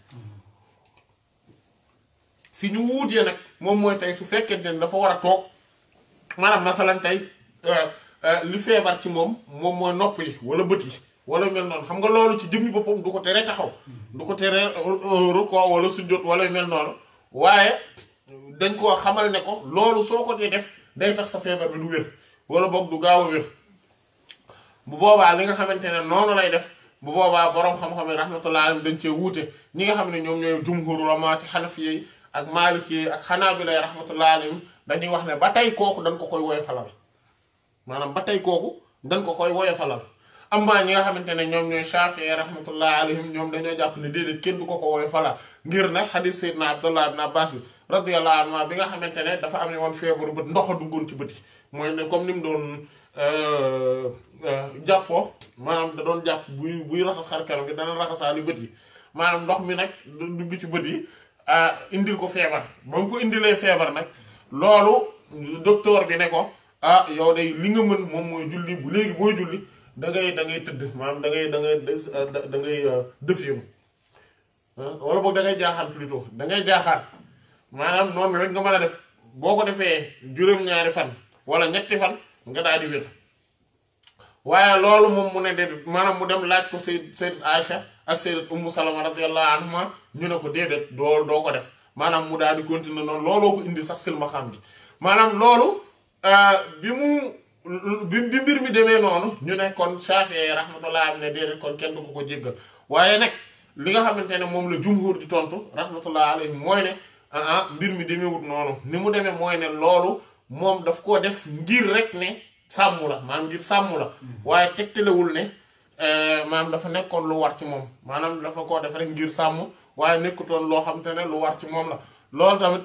fi ñu wuutee nag moom mooy tey su fekkente ni dafa war a toog maanaam masalan tey. Euh, Euh, li feebar ci moom moom mooy nopp yi wala bët yi wala mel noonu xam nga loolu ci jëmmi boppam du ko tere taxaw du ko tere euh, rukkoo wala sujjóot wala mel noonu waaye dañ koo xamal ne ko loolu soo ko dee def day tax sa feebar bi du wér wala boog du gaaw a wér bu boobaa li nga xamante ne noonu lay def bu boobaa boroom xam-xam yi rahmatullah alayhim dañ cee wuute ñi nga xam ne ñoom ñooy jumhur ulama ci xanafi yi ak maaliki yi ak xanaabila yi rahmatullah alayhim dañuy wax ne ba tey kooku dañ ko koy woy falal maanaam ba tey kooku dañ ko koy falal amma ñi nga xamante ne ñoom ñooy Shaafi'i rahmatullah alayhim ñoom dañoo jàpp ne déedéet kenn du ko ko woyofalal ngir nag xadis Seydina Abdullah ibn Abbas bi radiyallahu anhu bi nga xamante ne dafa amee woon feebaru bët ndox a duggoon ci bët yi mooy ne comme ni mu doon euh, euh, jàppoo maanaam da doon jàpp buy buy raxas xar kanam gi dana raxasaali bët yi maanaam ndox mi nag dugg ci bët yi ah, indil ko feebar ba ko indilee feebar nag loolu docteur bi ko ah yow day li nga mën mom moy julli bu léegi boy julli da ngay da ngay tëdd manam da ngay da ngay ah, da ngay ah, def yum ah, wala bok da ngay jaxal plutôt da ngay jaxal manam non rek nga mala def boko defé jurem ñaari fan wala ñetti fan nga daal di wér waaye loolu moom mu ne de manam mu dem laaj ko sayyid sayyid aisha ak sayyid Ummu Salama radiyallahu anha ñu ne ko déedéet do do ko def manam mu daal di continuer noonu ko indi sax silmaxam gi manam lolu Euh, bi mu bi mbir mi demee noonu ñu ne kon Shaafi'i rahmatullah am ne déedéet kon kenn du ko ko jéggal waaye nag li nga xamante ne moom la jumhur di tontu rahmatullah alayhi mooy ne ah, ah mbir mi demeewut noonu ni mu demee mooy ne loolu moom daf koo def ngir rek ne sàmm la maanaam ngir sàmm la mm-hmm. waaye tegtalewul ne euh, maanaam dafa nekkoon lu war ci moom maanaam dafa ko def rek ngir sàmm waaye nekkutoon loo xamante ne lu war ci moom la loolu tamit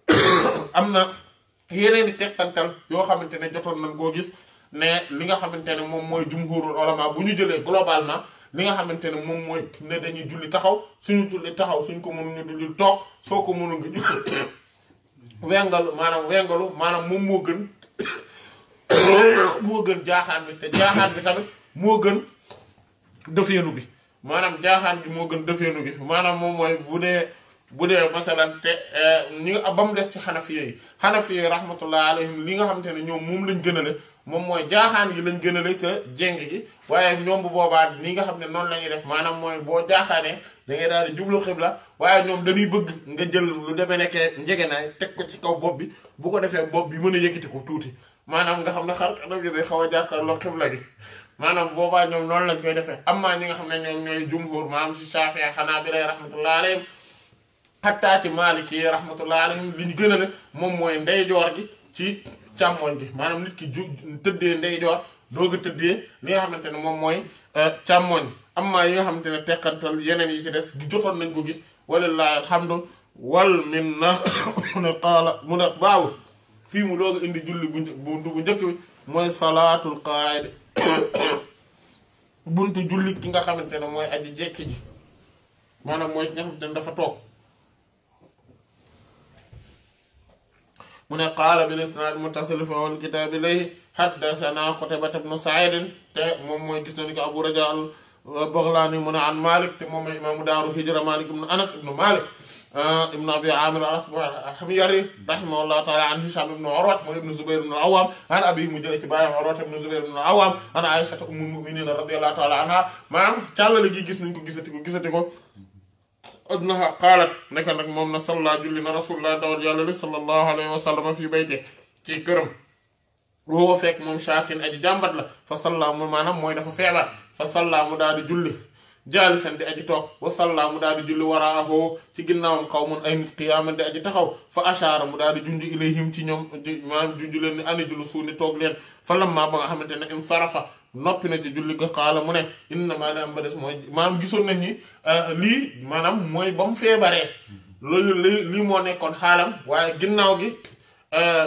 am na. yeneen i teqantal yoo xamante ne jotoon nañ koo gis ne li nga xamante ne moom mooy jumhurul ulama bu ñu jëlee globalement li nga xamante ne moom mooy ne dañuy julli taxaw suñu julli taxaw suñ ko mënu ñu julli toog soo ko mënu nga julli wengalu maanaam wengalu maanaam moom moo gën moo gën jaaxaan bi te jaaxaan bi tamit moo gën dëfeenu bi maanaam jaaxaan bi moo gën dëfeenu bi maanaam moom mooy bu dee bu dee masalan te euh, ñi ba mu des ci xanaf yooyu xanaf yooyu rahmatullah alayhim li nga xamante ne ñoom moom lañ gën a le moom mooy jaaxaan gi lañ gën a le que jéng gi waaye ñoom bu boobaa li nga xam ne noonu la ñuy def maanaam mooy boo jaaxaanee da ngay daal di jublu xibla waaye ñoom dañuy bëgg nga jël lu demee nekkee njegenaay teg ko ci kaw bopp bi bu ko defee bopp bi mën a yëkkati ko tuuti maanaam nga xam ne xar kanam gi day xaw a jàkkaarloo xibla maanaam boobaa ñoom noonu lañ koy defee am na ñi nga xam ne ñoom ñooy jumhur maanaam si Shaafi'i xanaa bi lay rahmatullah alayhim xattaa ci Maalik yi rahmatullah alayhim li ñu gën a la moom mooy ndeyjoor gi ci càmmoñ gi maanaam nit ki ju tëddee ndeyjoor doog a tëddee li nga xamante ne moom mooy euh, càmmoñ amma yi nga xamante ne teqantal yeneen yi ci des jotoon nañ ko gis walillahi alhamdu wal minna mu ne qaala mu ne baabu fii mu doog a indi julli bu bu njëkk bi mooy salaatul qaa'id buntu julli ki nga xamante ne mooy aji jekki ji maanaam mooy ki xamante ne dafa toog mu ne qaala bil isnaad muttasil fi awwal kitaab ilayhi haddasanaa Qutaybata bnu Sa'iid te moom mooy gis nañu ko Abu Rajaa al mu ne an Maalik te moom mooy imaamu daaru hijra Maalik ibnu Anas ibnu Maalik ah, ibnu Abi Aamir al-Himyari rahimahullahu taala an Hishaam ibnu Urwa mooy ibnu Zubayr ibnu al-Awwaam an abiihi mu jëlee ci baayam Urwa ibnu Zubayr ibnu al-Awwaam an Aysata ummul mu'miniin radiyallahu taala anha maanaam càllale gi gis nañ ko gisati ko gisati ko adnaha qaalat neka nag moom na salla julli na rasulullah dawal yàlla li sallallahu alayhi wa sallam fii bayte ci këram woo fekk moom shaakin aji jàmbat la fa salla mu maanaam mooy dafa feebar fa sallaa mu daal di julli jaalisan di aji toog wa sallaa mu daal di julli waraahu ci ginnaawam qawmun ay nit qiyaaman di aji taxaw fa ashaara mu daal di junj ilayhim ci ñoom maanaam junj leen ni ana suuni toog leen fa lamma ba nga xamante ne im sarafa noppi na ci julli ko xaala mu ne inna maa li am ba des mooy maam gisoon nañ ni euh, lii maanaam mooy ba mu feebaree loolu lii moo nekkoon xaalam waaye ginnaaw gi euh,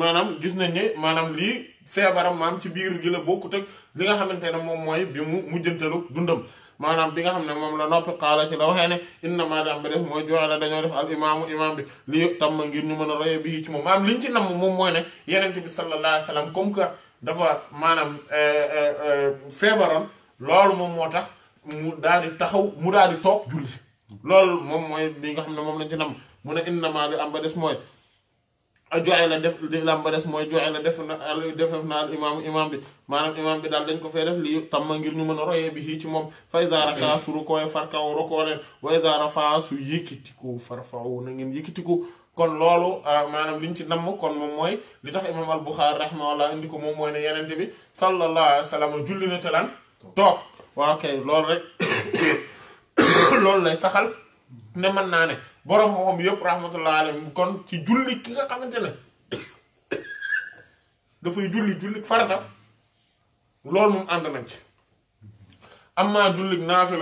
maanaam gis na ñi maanaam lii feebaram maam ci biir gi la bokkut li nga xamante ne moom mooy bi mu mujjantalu dundam maanaam bi nga xam ne moom la noppi xaala ci la waxee ne inna maa li am ba des mooy joxela dañoo def al imaamu imaam bi lii tam ma ngir ñu mën a roye bii ci moom maanaam liñ ci nam moom mooy ne yenente bi sallallahu alayhi wa sallam comme que dafa maanaam eh, eh, eh, feebaram loolu moom moo tax mu daal di taxaw mu daal di toog julli loolu moom mooy lii nga xam ne moom lañ ci nam indi na innama bi am ba des mooy a joxe la def li am ba des mooy joxe la def na defef na al imaam imaam bi maanaam imaam bi daal dañ ko fee def lii tam ma ngir ñu mën a royee bi xii ci moom fa iza raka su rukoo farkaw rukoo leen wa iza rafa su yëkkitiku farfaw na ngeen yëkkitiku kon loolu euh, maanaam li ñu ci namm kon moom mooy li tax imam al Buxaari rahimahullah indi ko moom mooy ne yenente bi sallallahu alayhi wa sallam julli na te toog waaw kay loolu rek loolu lay saxal ne mën naa ne boroom xam-xam yëpp rahmatullah kon ci julli ki nga xamante ne dafay julli julli farata loolu moom ànd nañ ci amma julli naafi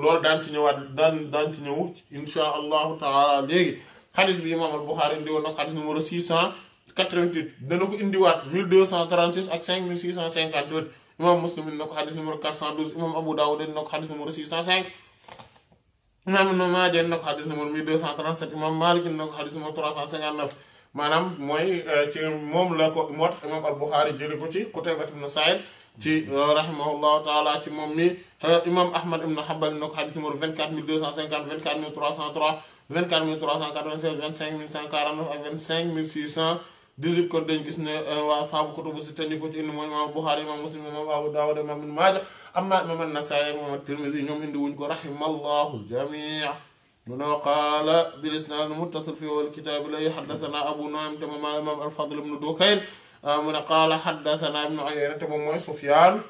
loolu daan ci ñëwaat daan daan ci ñëw insha allahu taala léegi xadis bi imaam al Buxaari indi woon na ko xadis numéro 688 dana ko indiwaat 1236 ak 5658 imaam Muslim indi na ko xadis numéro 412 imaam Abu Daawud indi na ko xadis numéro imaam Ibn Maaja indi na ko xadis numéro 1237 imaam Maalik indi na ko xadis numéro 359 maanaam mooy euh, ci moom la ko imaam al Buxaari jëli ko ci Qutayba ibn Saïd ci euh, rahimahullahu taala ci moom mi euh, imaam Ahmad ibn Hanbal vingt-quatre mille trois cent quatre-vingt-seize vingt-cinq mille cent quarante-neuf ak vingt-cinq mille six cent dix-huit kon dañ gis ne waa saabu kutubu si tënji ko ci indi mooy imaam Buxaari imaam Muslim imaam Abu Daawud imaam Ibn Maaja amma imaam An-Nasaa'i imaam At-Tirmidhi ñoom indi wuñ ko rahimallahu al-jamii' من وقال بالإسناد المتصل في أول الكتاب إليه حدثنا أبو نعيم تمام الإمام الفضل بن دوكين من قال حدثنا ابن عيينة تمام سفيان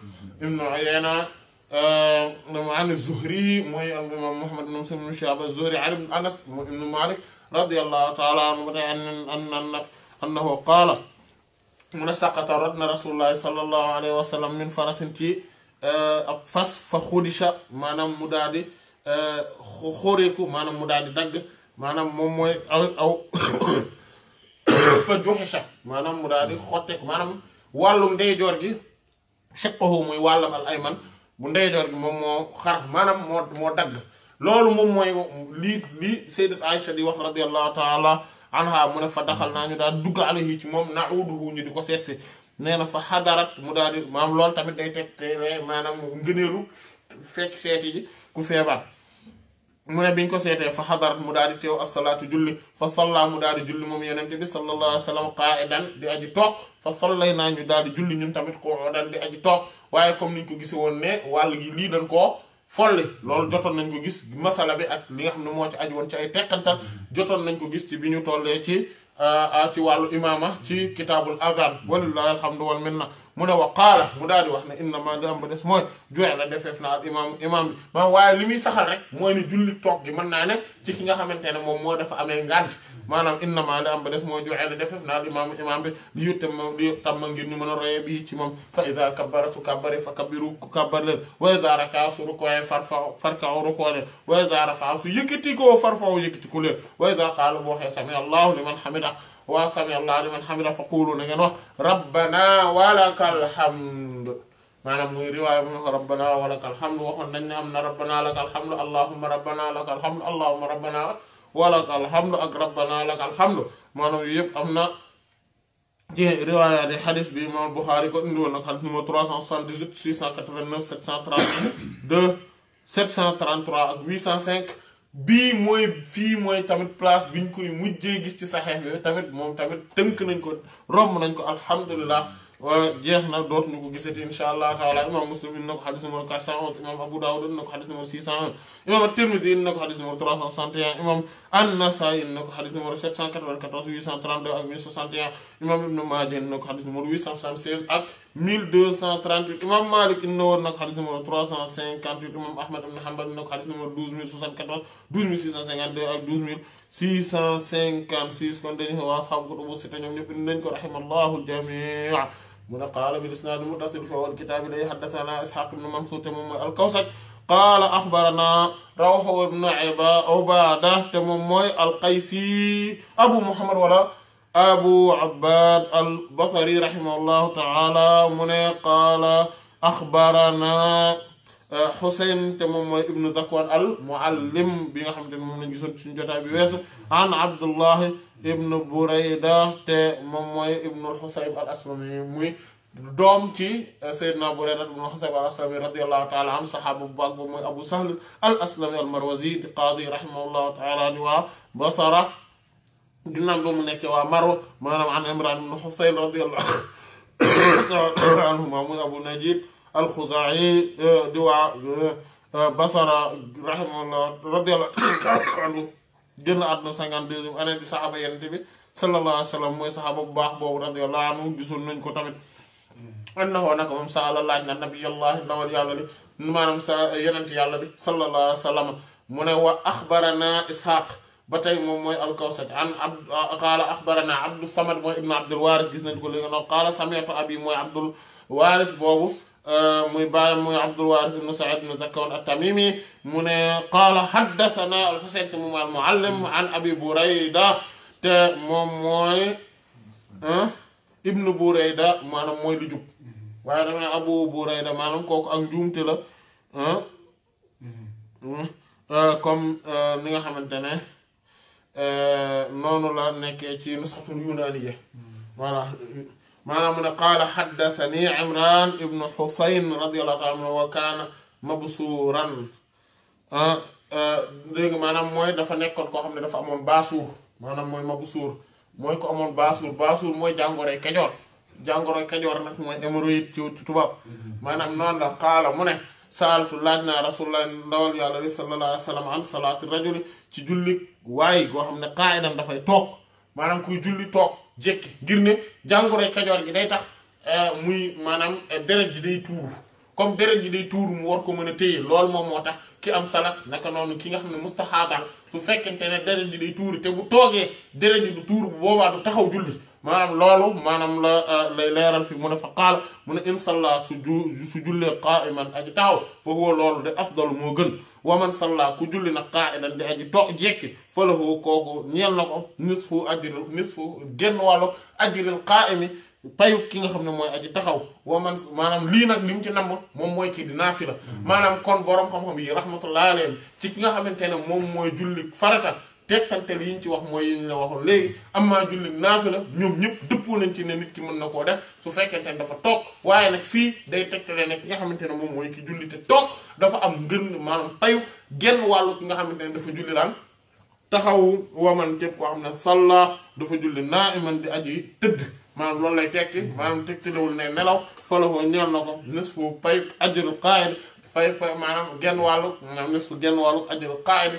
ابن عيينة آه، نعم عن الزهري مي الإمام محمد بن مسلم بن شعبة الزهري عن ابن أنس ابن مالك رضي الله تعالى عنه أن أن أنه قال من سقط ردنا رسول الله صلى الله عليه وسلم من فرس تي آه، فس فخودشة ما نم مدادي آه، خوريكو ما نم مدادي دق ما نم ممي أو أو فجوحشة ما نم مدادي خوتك ما نم والوم دي جورجي شقه موي والوم الأيمن bu ndeyjoor bi moom moo xar maanaam moo moo dagg loolu moom mooy lii lii sayyidat Aïcha di wax radiyallahu taala anha mu ne fa daxal naa ñu daal dugg alayhi ci moom nauduhu ñu di ko seet si nee na fa xadarat mu daal di maam lool tamit day teg te maanaam ngëneelu fekk seeti ji ku feebar mu ne biñ ko seetee fa xadarat mu daal di teew assalaatu julli fa solla mu daal di julli moom yenente bi sallallahu alayhi wa sallam qaa'idan di aji toog fa sollay naa ñu daal di julli ñun tamit qu'udan di aji toog waaye comme ñu ko gise woon ne wàll gi lii dañ koo folli loolu jotoon nañ ko gis masala bi ak li nga xam ne moo ci aji woon ci ay teqantal jotoon nañ ko gis ci bi ñu tollee ci euh, ci wàllu imaama ci kitaabul azan walillahi woon wal minna muné ne wa qaala mu dadi wax ne inna ma dambu ba des mooy joxe la defeef na al imaam imaam bi maanaam waaye li saxal rek moy ni julli tok gi man na ne ci ki nga xamantene mom mo dafa amé ngànt manam inna ma dambu ba des mooy joxe la defeef na al imaam bi di yu tam di yu tam ngir ñu mën roye bi ci mom fa iza kabbara su kabbare fa kabbiru ku kabbar wa iza raka su rukoye farfa farka rukoo leen wa iza rafa su ko farfa farfaw yëkkati ku leen wa iza qala bo xé sami allah liman hamida waa sami allah liman hamida fa qulu na ngeen wax rabbana walakal hamd maanaam muy riwaya muy wax rabbana walakal hamd waxoon nañ nagn am na rabbana lakal hamd allahumma rabbana lakal hamd allahumma rabbana wa lakal hamd ak rabbana lakal hamd manam yeb amna am na ci riwaaya di hadith bi imaam bukhari ko indi woon nag xadis numéro 378 689 732 733 ak 805 bii mooy fii mooy tamit place biñ koy mujjee gis saxeex bi tamit moom tamit tënk nañ ko romb nañ ko alhamdulilah jeex na dootuñu ko gisati insha allah taala imam muslim in ko xadis numéro 411 imam abu dawud in na ko xadis numéro 601 imam at-tirmidhi in na ko xadis numéro 361 imam an-nasai in imam ibn majah in ko xadis numéro 876 ak 1238 imam Malik indi woon na ko xadis numéro 358 imam Ahmad ibn Hanbal indi na ko xadis numéro 12074 12652 ak 12656 kon dañu waa asxaabu kutubu sitta ñoom ñëpp indi nañ ko rahimallahu al-jamii mu ne qaala bil isnaad al-muttasil fi awwal kitaab li haddathana Ishaq ibn Mansur te moom mooy al-Kawsaj qaala axbarana Rawh ibn Ubaada te moom mooy al-Qaysi Abu Muhammad wala أبو عباد البصري رحمه الله تعالى من قال أخبرنا آه، حسين تمام ابن زكوان المعلم بيغا خامتني موم لنجي سوت سن جوتا عن عبد الله ابن بريدة تمام ابن الحسين الاسلمي موي دوم تي سيدنا بريدة بن الحسين الاسلمي رضي الله تعالى عن صحابه باك ابو سهل الاسلمي المروزي قاضي رحمه الله تعالى نوا بصره ginnaaw ba mu nekkee waa Marwa maanaam an Imran ibn Husayn radiyallahu taala anhuma muy Abu Najib al-Khuzai di waa eh, Basara rahimahullah radiyallahu taala anhu génn àdduna di saxaaba yenente bi sallallahu alayhi wa sallam saxaaba bu baax boobu radiyallahu anhu gisul nañ ko tamit annahu naka moom saala laaj na nabiyallahi ndawal yàlla li maanaam sa eh, yenent yàlla bi sallallahu alayhi wa mu ne wa axbarana Ishaq ba tey moom mooy alkawsat an abd ah, qaala axbarana abdu samad mooy ibnu abdul waaris gis nañ ko léegi noonu qaala samitu abi mooy abdul waaris boobu euh, muy bàyyam muy abdul waaris ibnu said ibnu zakwan attamimi mu ne qaala haddasana alxuseyn te moom almuallim an abi burayda te moom mooy ibnu burayda maanaam mooy lu jub waaye dafa ne abu burayda maanaam kooku ak njuumte la euh, comme euh, ni nga xamante ne Eh, noonu la nekkee ci nusxatul yunaaniya voilà maanaam mu ne qaala xaddasani imran ibnu xusayn radiallahu taala anhu wa kaana mabsuuran ah, eh, maanaam mooy dafa nekkoon koo xam ne dafa amoon baasuur maanaam mooy mabsuur mooy ko amoon baasuur baasuur mooy jàngoroy kajoor jàngoroy kajoor nag mooy hémorroïde ci tubaab maanaam noonu la qaala mu ne saaltu laaj naa rasulullah yàlla li sallallahu alayhi wa sallam ci julli waaye goo xam ne qaayidam dafay toog maanaam kuy julli toog jékki ngir ne jàngoroy kajoor gi day tax eh, muy maanaam eh, deret ji day tuuru comme deret ji day tuuru mu war ko mën a téye lool moom moo tax ki am salas naka noonu ki nga xam ne mustaxaadal su fekkente ne deret ji day tuuru te bu toogee deret ji du tuuru bu boobaa du taxaw julli maanaam loolu maanaam la euh, lay leeral fi mu ne fa qaala mu ne in salla su ju su jullee qaa'iman aji taxaw fa huwa loolu de afdalu moo gën wa man salla ku julli nag qaa'idan di aji toog jekki fa lahu kooku ñeel na ko nisfu ajril nisfu génn wàllu ajril qaa'imi payu ki nga xam ne mooy aji taxaw wa man maanaam lii nag li mu ci namm moom mooy kii di naafila mm-hmm. maanaam kon borom xam-xam yi rahmatullahi alayhim ci ki nga xamante ne moom mooy julli farata tekkantel yi ñu ci wax mooy yi ñu la waxoon léegi amma julli naafila ñoom ñëpp dëppoo nañ ci ne nit ki mën na koo def su fekkente ne dafa toog waaye nag fii day tegtale ne ki nga xamante ne moom mooy ki julli toog dafa am ngën maanaam payu genn wàllu ki nga xamante ne dafa julli laan taxawu waman képp koo xam ne salla dafa julli naa iman bi aju yi tëdd maanaam loolu lay tekki maanaam tegtalewul ne nelaw falafoo ñeel na ko nës foofu payu ajrul qaa'id fay maanaam genn wàllu maanaam nës fu genn wàllu ajrul qaa'id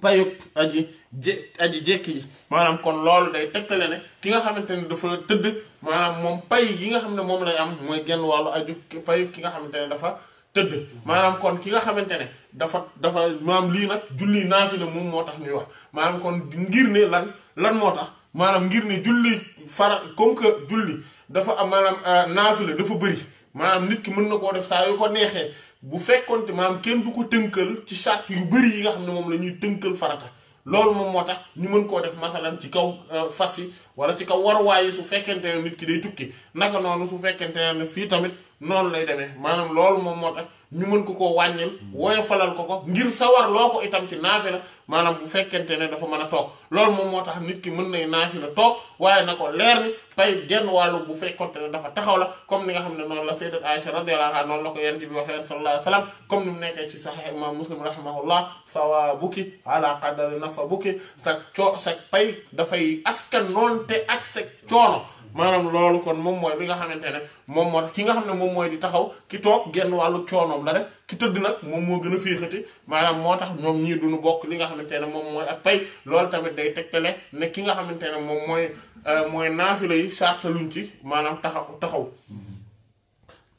payug aji je aji jékki ji maanaam kon loolu day tegtale ne ki nga xamante ne dafa tëdd maanaam moom pay gi nga xam ne moom lay am mooy genn wàllu aju payug ki nga xamante ne dafa tëdd maanaam kon ki nga xamante ne dafa dafa maam lii nag julli naafila moom moo tax ñuy wax maanaam kon ngir ne lan lan moo tax maanaam ngir ne julli fara comme que julli dafa am maanaam euh, naafila dafa bëri maanaam nit ki mën na koo def saa yu ko neexee bu fekkoon te kenn du ko tënkal ci charte yu bari yi nga xam ne moom la ñuy tënkal farata loolu moom moo tax ñu mën koo def masalan ci kaw euh, fas yi wala ci kaw waruwaay yi su fekkente ne nit ki day tukki naka noonu su fekkente ne fii tamit noonu lay demee maanaam loolu moom moo tax. ñu mën ko koo wàññil mm. falal ko ko ngir sawar loo ko itam ci naafila maanaam bu fekkente ne dafa mën a toog loolu moom moo tax nit ki mën nay naafila toog waaye na ko leer ni pay genn wàllu bu fekkonte ne dafa taxaw la comme ni nga xam ne noonu la sayyidat Aisha radiyallahu anha noonu la ko yonent bi waxee sallallahu alayhi wa sallam comme ni mu nekkee ci Sahih Imam Muslim rahimahullah sawaabuki ala qadari nasabuki sa coo sa pay dafay askan noonte ak sa coono maanaam loolu kon moom mooy li nga xamante ne moom moo ki nga xam ne moom mooy di taxaw ki toog genn wàllu coonoom la def tëdd nag moom moo gën a féexati maanaam moo tax ñoom ñii duñu bokk li nga xamante ne moom mooy ak pay loolu tamit day tegtale ne ki nga xamante ne moom mooy euh, mooy naafila yi sartaluñ ci maanaam taxaw taxaw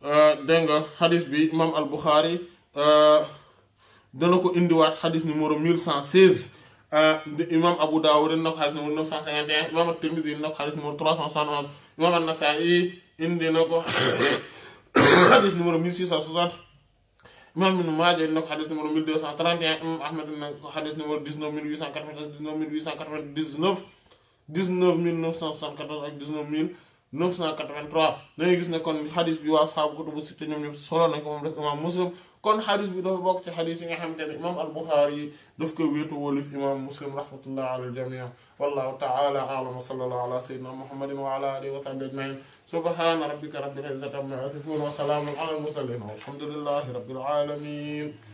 euh, dégg nga xadis bi imam al Buxaari euh, dana ko indiwaat xadis numéro 1116 Euh, imam Abu Dawud indi na ko xadis numéro 951 imam At-Tirmidhi indi na ko xadis numéro 371 imam mi nasai indi na ko xadis numéro 1660 imam Ibn Maaja indi na ko xadis numéro 1231 imam Ahmad indi na ko xadis numéro 19894 19899 19974 ak 19983 dañuy gis ne kon xadis bi waa saxaabu kutubu sitta ñoom ñëpp solo nañ ko moom des imam Muslim kon hadith bi dafa bok ci hadith yi nga xamanteni imam al bukhari daf ko wéetu wolif imam muslim rahmatullah ala al wallahu taala alam sallallahu ala sayyidina muhammadin wa ala alihi wa sahbihi ajmain subhana rabbika rabbil izzati amma yasifun wa salamun ala al-mursalin walhamdulillahi rabbil alamin